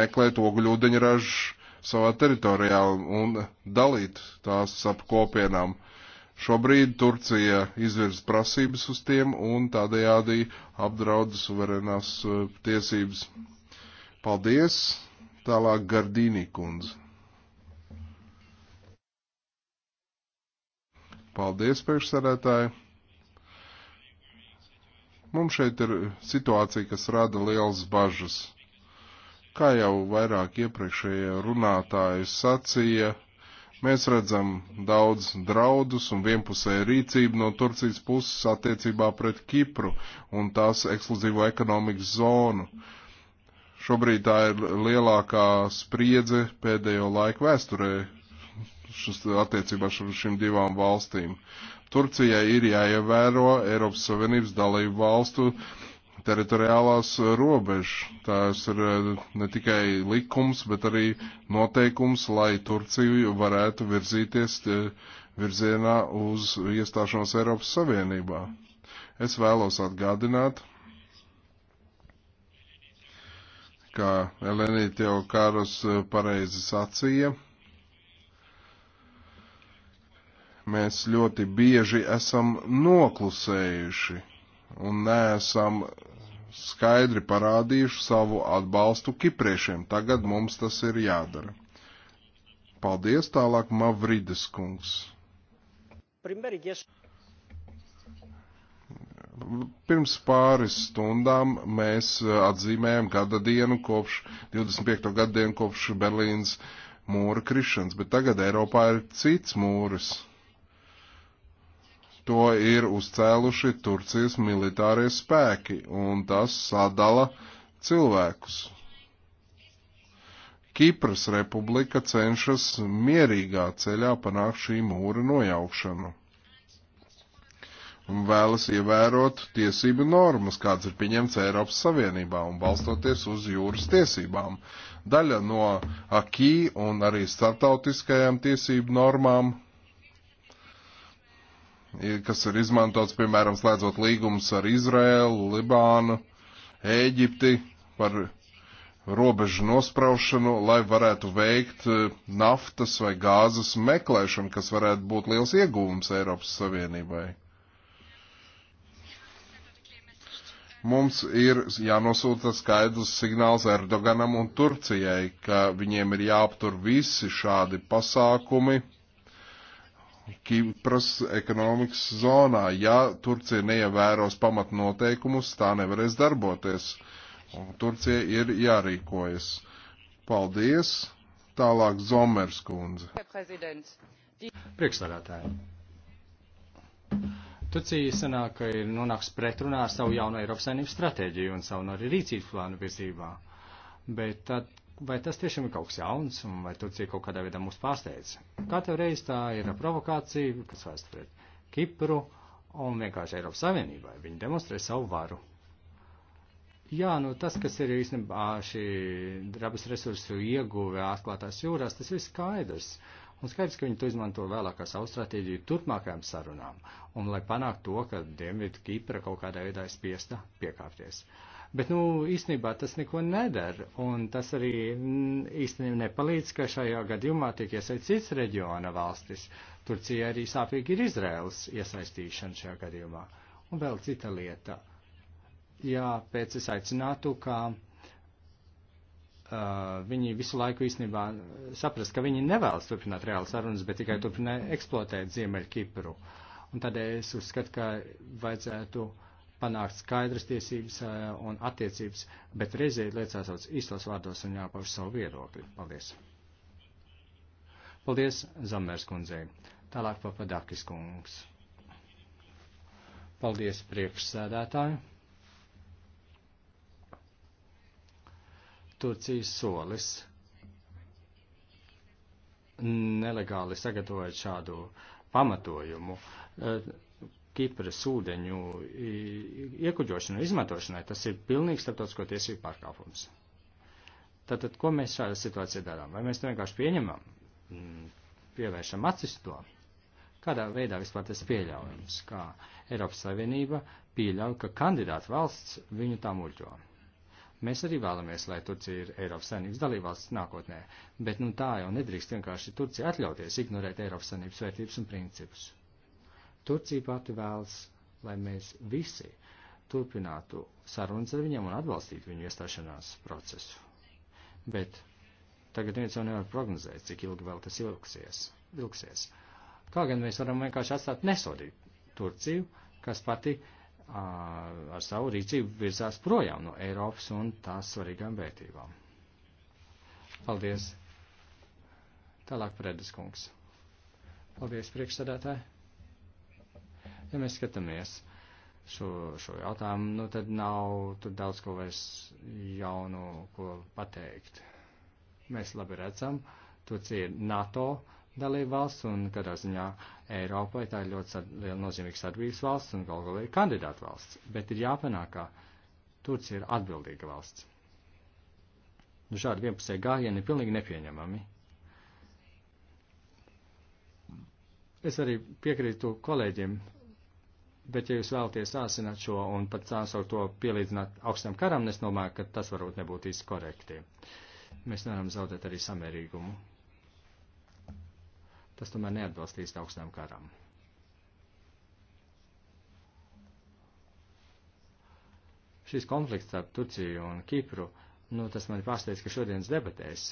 meklēt ogļūdeņražu savā teritorijā un dalīt tās ap kopienām. Šobrīd Turcija izvirz prasības uz tiem un tādējādi apdraud suverenās eh, tiesības. Paldies! Tālāk Gardīnī kundze. Paldies, priekšsēdētāji! Mums šeit ir situācija, kas rada lielas bažas Kā jau vairāk iepriekšējie runātāji sacīja, mēs redzam daudz draudus un vienpusēju rīcību no Turcijas puses attiecībā pret Kipru un tās ekskluzīvo ekonomikas zonu. Šobrīd tā ir lielākā spriedze pēdējo laiku vēsturē šis, attiecībā ar šīm divām valstīm. Turcijai ir jāievēro Eiropas Savienības dalību valstu uh, teritoriālās eh, robežas. Tās ir eh, ne tikai likums, bet arī noteikums, lai Turciju varētu virzīties eh, virzienā uz iestāšanos Eiropas Savienībā. Es vēlos atgādināt, kā Elenīte jau Kāros pareizi sacīja, mēs ļoti bieži esam noklusējuši un neesam skaidri parādījuši savu atbalstu kipriešiem. Tagad mums tas ir jādara. Paldies tālāk Mavrides kungs. Pirms pāris stundām mēs atzīmējam gada dienu kopš 25. gada dienu kopš Berlīnas mūra krišanas, bet tagad Eiropā ir cits mūris to ir uzcēluši Turcijas militārie spēki, un tas sadala cilvēkus. Kipras republika cenšas mierīgā ceļā panākt šī mūra nojaukšanu un vēlas ievērot tiesību normas, kāds ir pieņemts Eiropas Savienībā un balstoties uz jūras tiesībām. Daļa no akī un arī startautiskajām tiesību normām kas ir izmantots, piemēram, slēdzot līgumus ar Izraēlu, Libānu, Ēģipti par robežu nospraušanu, lai varētu veikt e, naftas vai gāzes meklēšanu, kas varētu būt liels iegūms Eiropas Savienībai. Mums ir jānosūta skaidrs signāls Erdoganam un Turcijai, ka viņiem ir jāaptur visi šādi pasākumi Kipras ekonomikas zonā. Ja Turcija neievēros pamatnoteikumus, tā nevarēs darboties. Un Turcija ir jārīkojas. Paldies! Tālāk Zomers kundze. Priekšstādātāji. Turcija sanāk, ka ir nonāks pretrunā ar savu jauno Eiropas saimnības stratēģiju un savu arī rīcības plānu virzībā. Bet tad, vai tas tiešām ir kaut kas jauns, un vai Turcija kaut kādā veidā mūs pārsteidz. Katru reizi tā ir provokācija, kas vēsta pret Kipru, un vienkārši Eiropas Savienībai viņi demonstrē savu varu. Jā, nu tas, kas ir īstenībā šī dabas resursu ieguve atklātās jūrās, tas viss skaidrs. Un skaidrs, ka viņi to izmanto vēlāk kā savu stratēģiju turpmākajām sarunām, un lai panāktu to, ka Dienvidu Kipra kaut kādā veidā ir spiesta piekāpties. Uh, Bet, nu, īstenībā tas neko nedara, un tas arī mm, īstenībā nepalīdz, ka šajā gadījumā tiek iesaistīts cits reģiona valstis. Turcija arī sāpīgi ir Izraels iesaistīšana šajā gadījumā. Un vēl cita lieta. Jā, pēc es aicinātu, ka uh, viņi visu laiku īstenībā saprast, ka viņi nevēlas turpināt reālas sarunas, bet tikai turpināt eksploatēt Ziemeļkipru. Un tādēļ es uzskatu, ka vajadzētu uh, panākt skaidras tiesības eh, un attiecības, bet reizē lietas jāsauc īstos vārdos un jāpauž savu viedokli. Paldies! Paldies Zamērs kundzei. Tālāk papadakis kungs. Paldies priekšsēdētāju. Turcijas solis nelegāli sagatavojot šādu pamatojumu. Uh, Kipras ūdeņu iekuģošanai, izmantošanai, tas ir pilnīgi starptautisko tiesību pārkāpums. Tātad, ko mēs šādā situācijā darām? Vai mēs to vienkārši pieņemam, mm, pievēršam acis to? Kādā veidā vispār tas pieļaujams, kā Eiropas Savienība pieļauj, ka kandidāta valsts viņu tā muļķo? Mēs arī vēlamies, lai Turcija ir Eiropas Savienības dalībvalsts nākotnē, bet nu tā jau nedrīkst vienkārši Turcija atļauties ignorēt Eiropas Savienības vērtības un principus. Turcija pati vēlas, lai mēs visi turpinātu sarunas ar viņiem un atbalstītu viņu iestāšanās procesu. Bet tagad viens jau nevar prognozēt, cik ilgi vēl tas ilgsies. ilgsies. Kā gan mēs varam vienkārši atstāt nesodīt Turciju, kas pati ā, ar savu rīcību virzās projām no Eiropas un tās svarīgām vērtībām. Paldies! Tālāk, Predes kungs. Paldies, priekšsēdētāji! Ja mēs skatāmies šo, šo jautājumu, nu tad nav tur daudz ko vairs jaunu, ko pateikt. Mēs labi redzam, Turcija ir NATO dalība valsts un katrā ziņā Eiropai tā ir ļoti sad, liela nozīmīga sadarbības valsts un galvā ir kandidāta valsts, bet ir jāpanāk, ka Turcija ir atbildīga valsts. Nu, šādi vienpusēji gājieni ir pilnīgi nepieņemami. Es arī piekrītu kolēģiem Bet, ja jūs vēlaties sāsināt šo un pat sāsot to pielīdzināt augstam karam, es domāju, ka tas varbūt nebūtu īsti korekti. Mēs nevaram zaudēt arī samērīgumu. Tas tomēr neatbalstīs augstam karam. Šis konflikts starp Turciju un Kipru, nu, tas man pārsteidz, ka šodienas debatēs,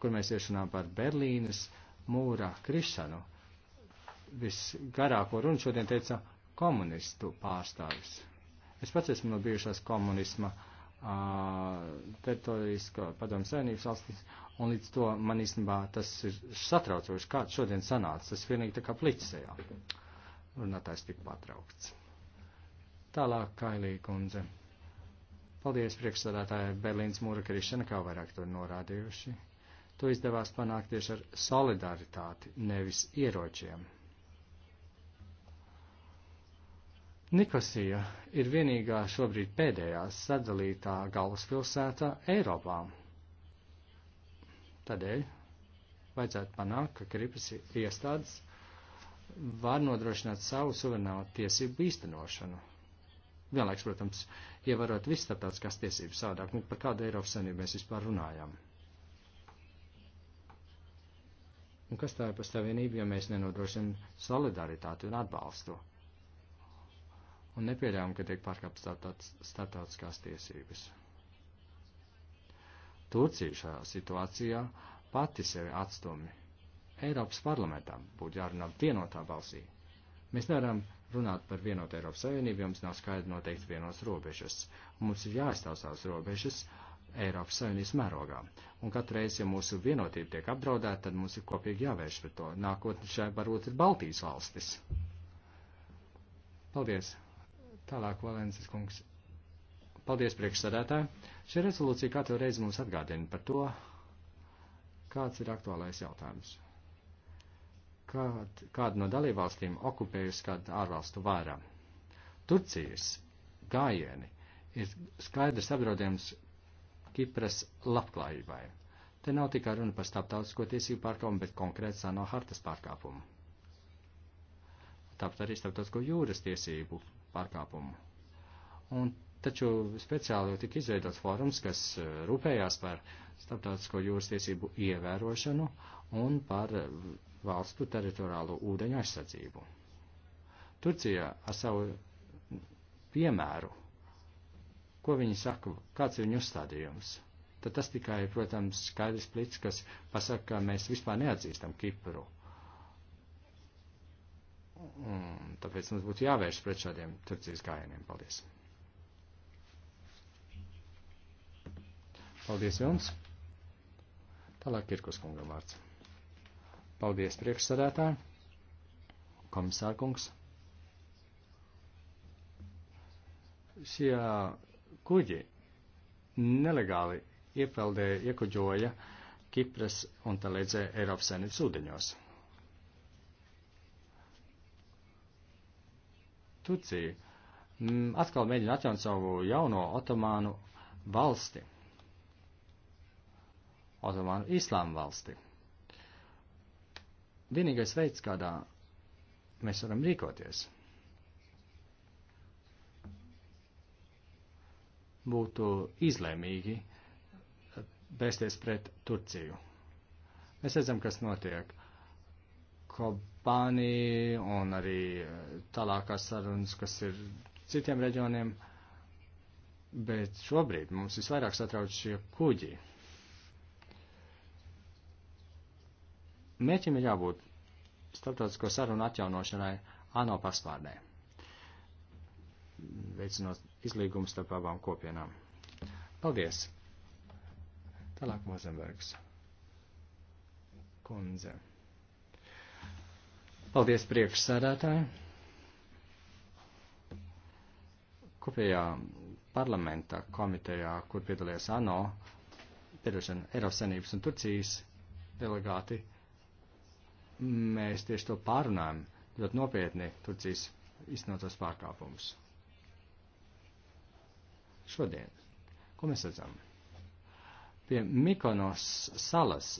kur mēs iešunām par Berlīnas mūra krišanu, visgarāko runu šodien teica komunistu pārstāvis. Es pats esmu no bijušās komunisma teritorijas, padomu savienības valstis, un līdz to man īstenībā tas ir satraucoši, kā šodien sanāca, tas vienīgi tā kā plicējā. Runātājs tik patraukts. Tālāk, Kailī kundze. Paldies priekšsādātāja Berlīnas mūra krišana, kā vairāk to norādījuši. To izdevās panākt tieši ar solidaritāti, nevis ieročiem. Nikosija ir vienīgā šobrīd pēdējā sadalītā galvaspilsēta Eiropā. Tādēļ vajadzētu panākt, ka Kripas iestādes var nodrošināt savu suverēno tiesību īstenošanu. Vienlaiks, protams, ievarot visu starptautiskās tiesības sādāk, nu par kādu Eiropas savienību mēs vispār runājam. Un kas tā ir par savienību, ja mēs nenodrošinam solidaritāti un atbalstu? un nepieļāvam, ka tiek pārkāptas starptautiskās tiesības. Turcija šajā situācijā pati sevi atstumj. Eiropas parlamentam būtu jārunā vienotā balsī. Mēs nevaram runāt par vienotu Eiropas Savienību, ja mums nav skaidri noteikti vienos robežas. Mums ir jāizstāv savas robežas Eiropas Savienības mērogā. Un katru reizi, ja mūsu vienotība tiek apdraudēta, tad mums ir kopīgi jāvērš pret to. Nākotnē šai varbūt ir Baltijas valstis. Paldies! Tālāk, Valences kungs. Paldies, priekšsādātāji. Šī rezolūcija katru reizi mums atgādina par to, kāds ir aktuālais jautājums. Kād, kāda no dalībvalstīm okupējusi kādu ārvalstu vārā? Turcijas gājieni ir skaidrs apdraudējums Kipras labklājībai. Te nav tikai runa par starptautisko tiesību pārkāpumu, bet konkrēti sāno hartas pārkāpumu. Tāpat arī starptautisko jūras tiesību pārkāpumu. Un taču speciāli jau tika izveidots fórums, kas eh, rūpējās par starptautisko jūras tiesību ievērošanu un par eh, valstu teritoriālo ūdeņu aizsardzību. Turcija ar savu piemēru, ko viņi saka, kāds ir viņu uzstādījums, tad tas tikai, protams, skaidrs plits, kas pasaka, ka mēs vispār neatzīstam Kipru. Un tāpēc mums būtu jāvērš pret šādiem Turcijas gājieniem. Paldies! Paldies jums! Tālāk Kirkus kungam vārds. Paldies priekšsādātāji, komisārkungs. Šie kuģi nelegāli iepeldēja, iekuģoja Kipras un tā līdzē Eiropas saimnības ūdeņos. Turcija mm, atkal mēģina atjaunot savu jauno otomānu valsti, otomānu islāmu valsti. Vienīgais veids, kādā mēs varam rīkoties, būtu izlēmīgi vērsties pret Turciju. Mēs redzam, kas notiek. Ko Spāniju un arī eh, tālākās sarunas, kas ir citiem reģioniem. Bet šobrīd mums visvairāk satrauc šie kuģi. Mēķim ir jābūt starptautisko sarunu atjaunošanai ANO paspārdē, veicinot izlīgumu starp abām kopienām. Paldies! Tālāk Mozembergs. Kundze. Paldies priekšsēdētāji. Kopējā parlamenta komitejā, kur piedalījās ANO, piedalīšana Eiropas Savienības un Turcijas delegāti, mēs tieši to pārunājam ļoti nopietni Turcijas iznotos pārkāpumus. Šodien, ko mēs redzam? Pie Mikonos salas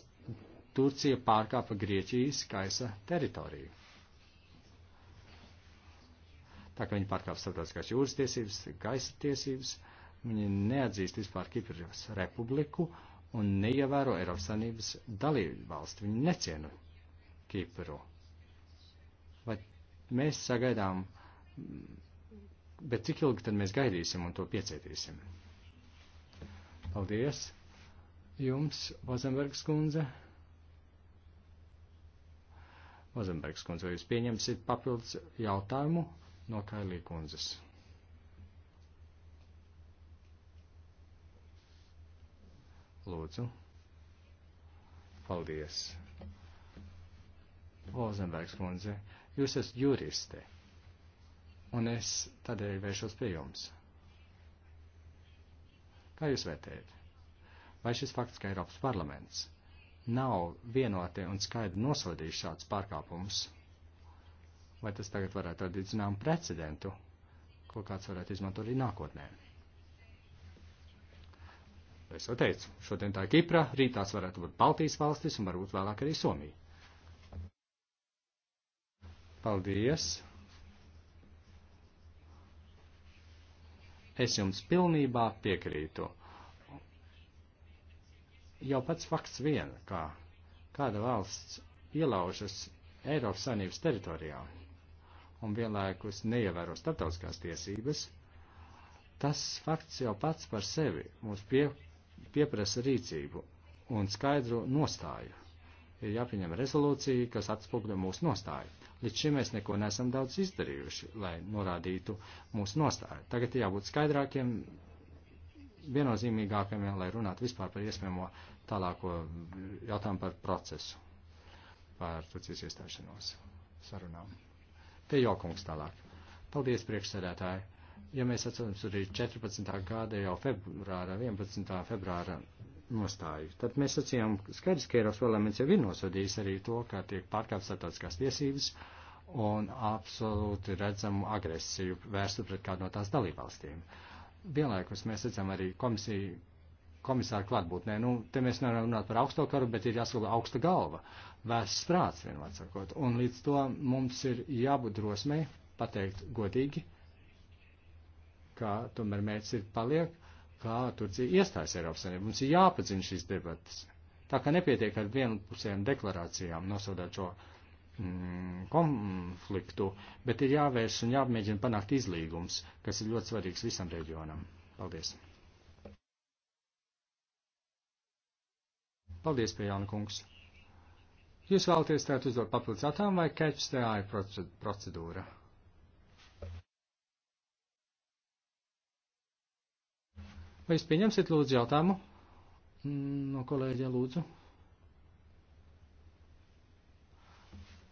Turcija pārkāpa Grieķijas kaisa teritoriju tā ka viņi pārkāp starptautiskās jūras tiesības, gaisa tiesības, viņi neatzīst vispār Kipras republiku un neievēro Eiropas Sanības dalību valsti, viņi necienu Kipru. Vai mēs sagaidām, bet cik ilgi tad mēs gaidīsim un to piecietīsim? Paldies jums, Vazembergs kundze. Vazembergs kundze, vai jūs pieņemsiet papildus jautājumu? no Kailī kundzes. Lūdzu. Paldies. Ozenbergs kundze, jūs esat juriste, un es tādēļ vēršos pie jums. Kā jūs vērtējat? Vai šis fakts, ka Eiropas parlaments nav vienoti un skaidri nosodījis šāds pārkāpums? vai tas tagad varētu radīt zinām precedentu, ko kāds varētu izmantot arī nākotnē. Es jau teicu, šodien tā ir Kipra, rītās varētu būt Baltijas valstis un varbūt vēlāk arī Somija. Paldies! Es jums pilnībā piekrītu. Jau pats fakts vien, kā kāda valsts ielaužas Eiropas Savienības teritorijā un vienlaikus neievēro starptautiskās tiesības, tas fakts jau pats par sevi mums pie, pieprasa rīcību un skaidru nostāju. Ir jāpieņem rezolūcija, kas atspoguļo mūsu nostāju. Līdz šim mēs neko nesam daudz izdarījuši, lai norādītu mūsu nostāju. Tagad jābūt skaidrākiem, viennozīmīgākiem, lai runātu vispār par iespējamo tālāko jautājumu par procesu, par Turcijas iestāšanos sarunām. Te jau kungs tālāk. Paldies, priekšsēdētāji. Ja mēs atceramies arī 14. gada jau februāra, 11. februāra nostāju, tad mēs sacījām skaidrs, ka Eiropas parlaments jau ir nosodījis arī to, ka tiek pārkāpts starptautiskās tiesības un absolūti redzamu agresiju vērstu pret kādu no tās dalībvalstīm. Vienlaikus mēs redzam arī komisiju komisāra klātbūtnē. Nu, te mēs nevaram runāt par augsto karu, bet ir jāsaka augsta galva, vēsts prāts, vienmēr sakot. Un līdz to mums ir jābūt drosmei pateikt godīgi, kā tomēr mērķis ir paliek, kā Turcija iestājas Eiropas Savienībā. Mums ir jāpadzina šīs debatas. Tā kā nepietiek ar vienpusējām deklarācijām nosodāt šo mm, konfliktu, bet ir jāvērš un jāmēģina panākt izlīgums, kas ir ļoti svarīgs visam reģionam. Paldies! Paldies, Pējāna kungs. Jūs vēlaties tātad uzdot papildus jautājumu vai catch the eye procedūra? Vai jūs pieņemsiet lūdzu jautājumu? Mm, no kolēģa lūdzu.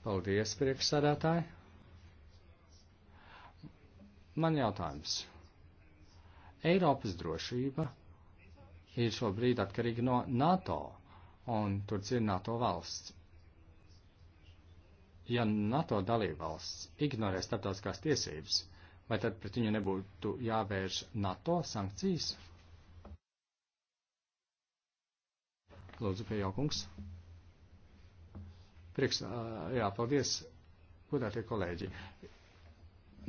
Paldies, priekšsādātāji. Man jautājums. Eiropas drošība ir šobrīd atkarīga no NATO un Turcija ir NATO valsts. Ja NATO dalībvalsts ignorē starptautiskās tiesības, vai tad pret viņu nebūtu jāvērš NATO sankcijas? Lūdzu, piejaukums. Prieks, jā, paldies, godātie kolēģi.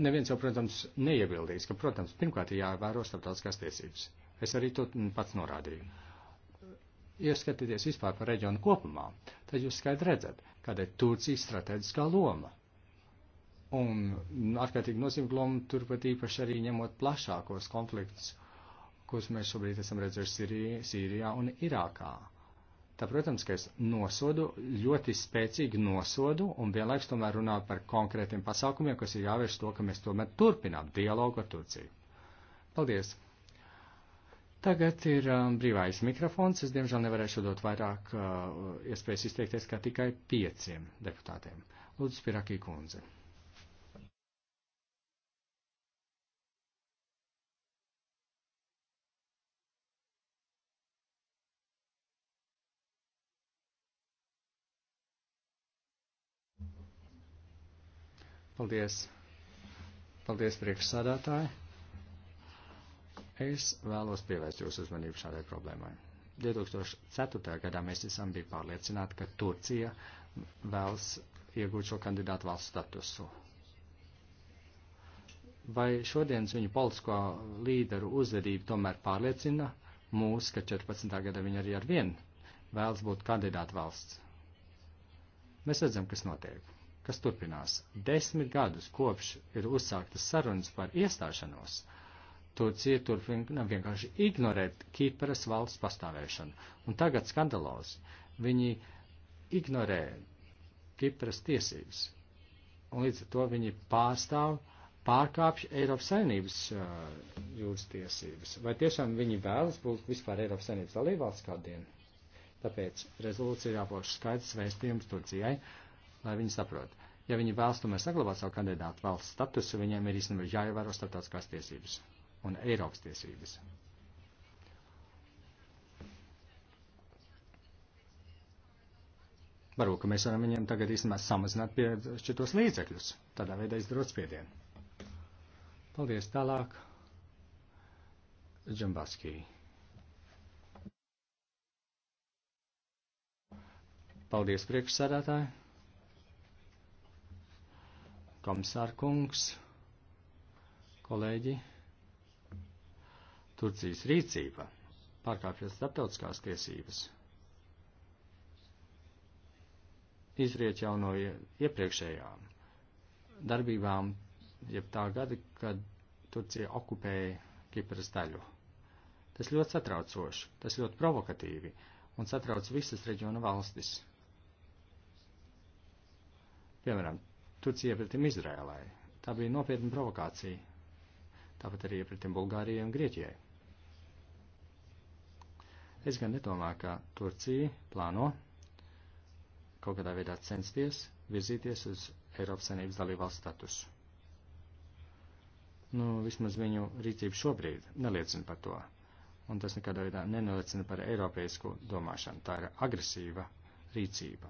Neviens jau, protams, neiebildīs, ka, protams, pirmkārt ir jāievēro starptautiskās tiesības. Es arī to pats norādīju ieskatīties vispār par reģionu kopumā, tad jūs skaidri redzat, kāda ir Turcijas strateģiskā loma. Un ārkārtīgi nozīmīga loma turpat īpaši arī ņemot plašākos konfliktus, kurus mēs šobrīd esam redzējuši Sīrijā, Sīrijā un Irākā. Tā, protams, ka es nosodu, ļoti spēcīgi nosodu un vienlaiks tomēr runāju par konkrētiem pasākumiem, kas ir jāvērš to, ka mēs tomēr turpinām dialogu ar Turciju. Paldies! Tagad ir um, brīvais mikrofons. Es diemžēl nevarēšu dot vairāk uh, iespējas izteikties kā tikai pieciem deputātiem. Lūdzu, Spirakī kundze. Paldies. Paldies priekšsādātāji. Es vēlos pievērst jūsu uzmanību šādai problēmai. 2004. gadā mēs esam bija pārliecināti, ka Turcija vēlas iegūt šo kandidātu valsts statusu. Vai šodienas viņu politisko līderu uzvedība tomēr pārliecina mūs, ka 14. gada viņi arī ar vienu vēlas būt kandidātu valsts? Mēs redzam, kas notiek, kas turpinās. Desmit gadus kopš ir uzsāktas sarunas par iestāšanos. Uh, Turcija turpina vienkārši ignorēt Kīpras valsts pastāvēšanu. Un tagad skandalos viņi ignorē Kīpras tiesības. Un līdz ar to viņi pārstāv, pārkāpj Eiropas saimnības uh, jūras tiesības. Vai tiešām viņi vēlas būt vispār Eiropas saimnības dalībvalsts kādien? Tāpēc rezolūcija jāpoš skaidrs vēstījums Turcijai, lai viņi saprot. Ja viņi vēlas tomēr saglabāt savu kandidātu valsts statusu, viņiem ir īstenībā jāievēro starptautiskās tiesības un Eiropas tiesības. Varbūt, ka mēs varam viņiem tagad īstenībā samazināt pie šitos līdzekļus, tādā veidā izdarot spiedienu. Paldies tālāk. Džambaskī. Paldies priekšsādātāji. Komisār kungs, kolēģi. Turcijas rīcība pārkāpjot starptautiskās tiesības izriet jau no iepriekšējām darbībām, jeb tā gada, kad Turcija okupēja Kipras daļu. Tas ļoti satraucoši, tas ļoti provokatīvi un satrauc visas reģiona valstis. Piemēram, Turcija iepratim Izrēlai. Tā bija nopietna provokācija. Tāpat arī iepratim Bulgārijai un Grieķijai. Es gan nedomāju, ka Turcija plāno kaut kādā veidā censties virzīties uz Eiropas Savienības dalībvalsts statusu. Nu, vismaz viņu rīcība šobrīd neliecina par to, un tas nekādā veidā nenoliecina par eiropeisku domāšanu. Tā ir agresīva rīcība.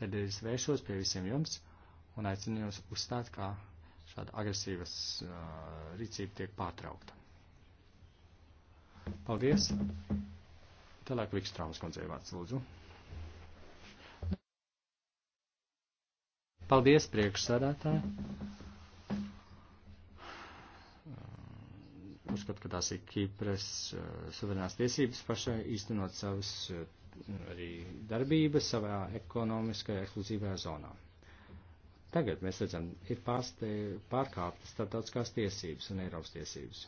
Tad es vēršos pie visiem jums un aicinu jūs uzstāt, kā šāda agresīvas uh, rīcība tiek pārtraukta. Paldies! Tālāk Vikstrāmas kundzei vārds lūdzu. Paldies priekšsēdētāji. Uzskat, ka tās ir Kīpres suverenās tiesības pašai īstenot savas arī darbības savā ekonomiskajā ekskluzīvajā zonā. Tagad mēs redzam, ir pārste, pārkāptas starptautiskās tiesības un Eiropas tiesības.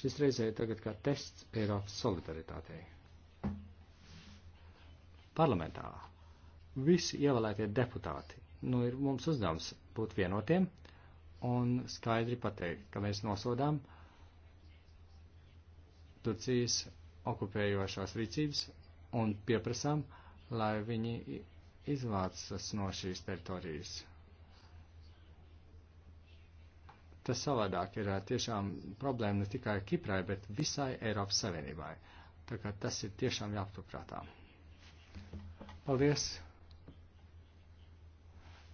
Šis reizē tagad kā tests Eiropas solidaritātei. Parlamentā visi ievēlētie deputāti, nu ir mums uzdevums būt vienotiem un skaidri pateikt, ka mēs nosodām Turcijas okupējošās rīcības un pieprasām, lai viņi izvācas no šīs teritorijas. Tas savādāk ir eh, tiešām problēma ne tikai Kiprai, bet visai Eiropas Savienībai. Tā kā tas ir tiešām jāpaturprātā. Paldies!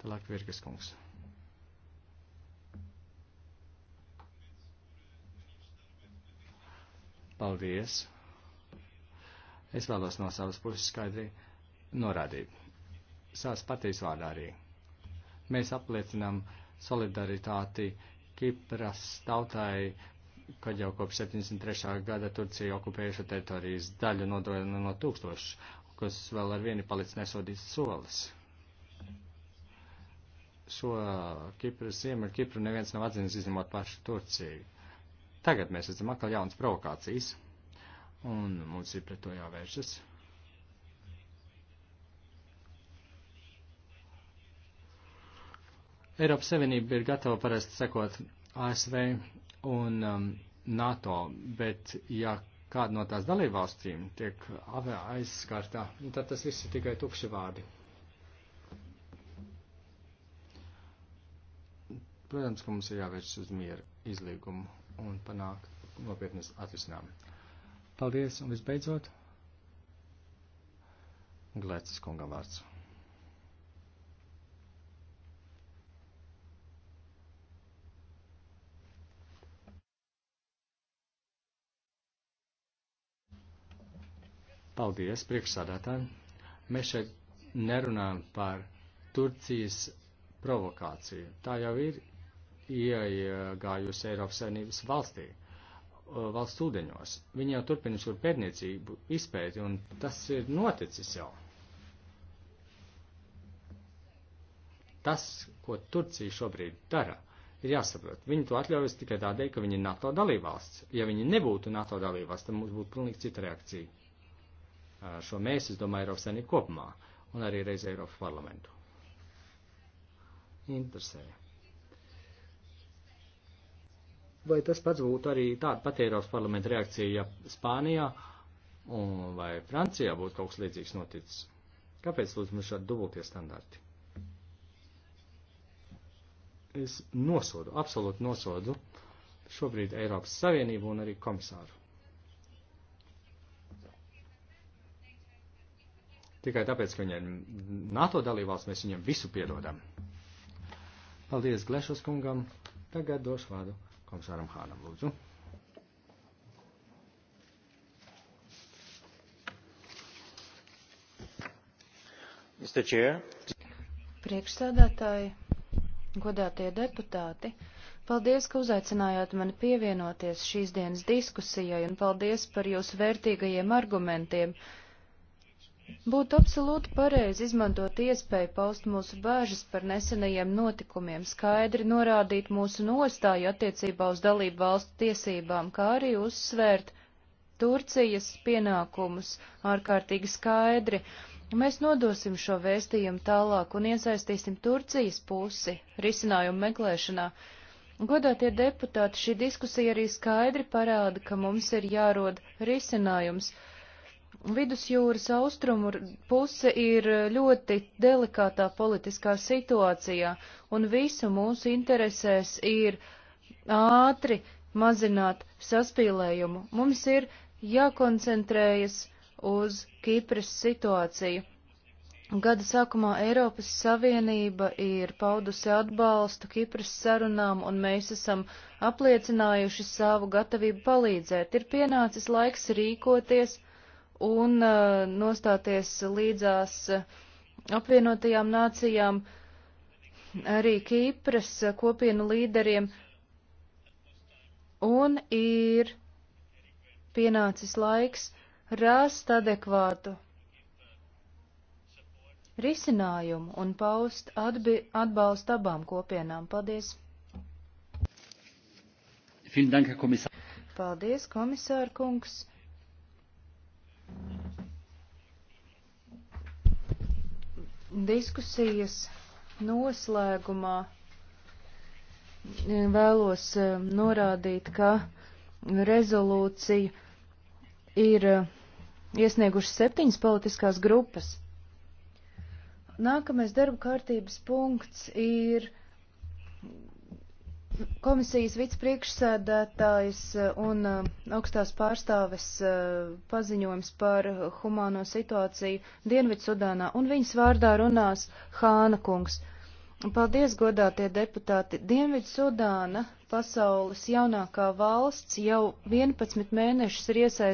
Tālāk Virgas kungs. Paldies! Es vēlos no savas puses skaidri norādīt. Sās patīs vārdā arī. Mēs apliecinām solidaritāti Kipras tautai, kad jau kopš 73. gada Turcija okupējuša teritorijas daļu nodrošina nu, no tūkstošu, kas vēl ar vieni palic nesodīts solis. Šo Kipras, Ziemeļ Kipru neviens nav atzinis, izņemot pašu Turciju. Tagad mēs redzam atkal jaunas provokācijas, un mums ir pret to jāvēršas. Eiropas Savienība ir gatava parasti sekot ASV un um, NATO, bet ja kāda no tās dalībvalstīm tiek aizskartā, nu, tad tas viss ir tikai tukši vārdi. Protams, ka mums ir jāvērš uz mieru izlīgumu un panākt nopietnas atrisinājumu. Paldies un visbeidzot, Glēcis kungam vārds. Paldies, priekšsādātāji. Mēs šeit nerunājam par Turcijas provokāciju. Tā jau ir iegājusi Eiropas Savienības valstī, valsts ūdeņos. Viņi jau turpina šo pērniecību izpēti, un tas ir noticis jau. Tas, ko Turcija šobrīd dara, ir jāsaprot. Viņi to atļaujas tikai tādēļ, ka viņi ir NATO dalībvalsts. Ja viņi nebūtu NATO dalībvalsts, tad mums būtu pilnīgi cita reakcija šo mēs, es domāju, Eiropas Savienību kopumā un arī reiz Eiropas parlamentu. Interesē. Vai tas pats būtu arī tāda pati Eiropas parlamenta reakcija, ja Spānijā un vai Francijā būtu kaut kas līdzīgs noticis? Kāpēc lūdzu mums šādi dubultie standarti? Es nosodu, absolūti nosodu šobrīd Eiropas Savienību un arī komisāru. Tikai tāpēc, ka viņiem NATO dalībvalsts mēs viņiem visu piedodam. Paldies Glešos kungam. Tagad došu vārdu komisāram Hānam lūdzu. Priekšsēdētāji, godātie deputāti, paldies, ka uzaicinājāt mani pievienoties šīs dienas diskusijai un paldies par jūsu vērtīgajiem argumentiem. Būtu absolūti pareizi izmantot iespēju paust mūsu bāžas par nesenajiem notikumiem, skaidri norādīt mūsu nostāju attiecībā uz dalību valstu tiesībām, kā arī uzsvērt Turcijas pienākumus ārkārtīgi skaidri. Mēs nodosim šo vēstījumu tālāk un iesaistīsim Turcijas pusi risinājumu meklēšanā. Godātie deputāti, šī diskusija arī skaidri parāda, ka mums ir jārod risinājums Vidusjūras austrumu puse ir ļoti delikātā politiskā situācijā, un visu mūsu interesēs ir ātri mazināt saspīlējumu. Mums ir jākoncentrējas uz Kipras situāciju. Gada sākumā Eiropas Savienība ir paudusi atbalstu Kipras sarunām, un mēs esam apliecinājuši savu gatavību palīdzēt. Ir pienācis laiks rīkoties un uh, nostāties līdzās apvienotajām nācijām, arī Kīpras kopienu līderiem, un ir pienācis laiks rast adekvātu risinājumu un paust atbi, atbalstu abām kopienām. Paldies! Paldies, komisāra kungs! diskusijas noslēgumā eh, vēlos eh, norādīt, ka rezolūciju ir eh, iesnieguši septiņas politiskās grupas. Nākamais darba kārtības punkts ir Komisijas vicepriekšsēdētājs un uh, augstās pārstāves uh, paziņojums par humāno situāciju Dienvidsudānā un viņas vārdā runās Hāna kungs. Paldies, godātie deputāti! Dienvidsudāna, pasaules jaunākā valsts, jau 11 mēnešus ir iesaistīta.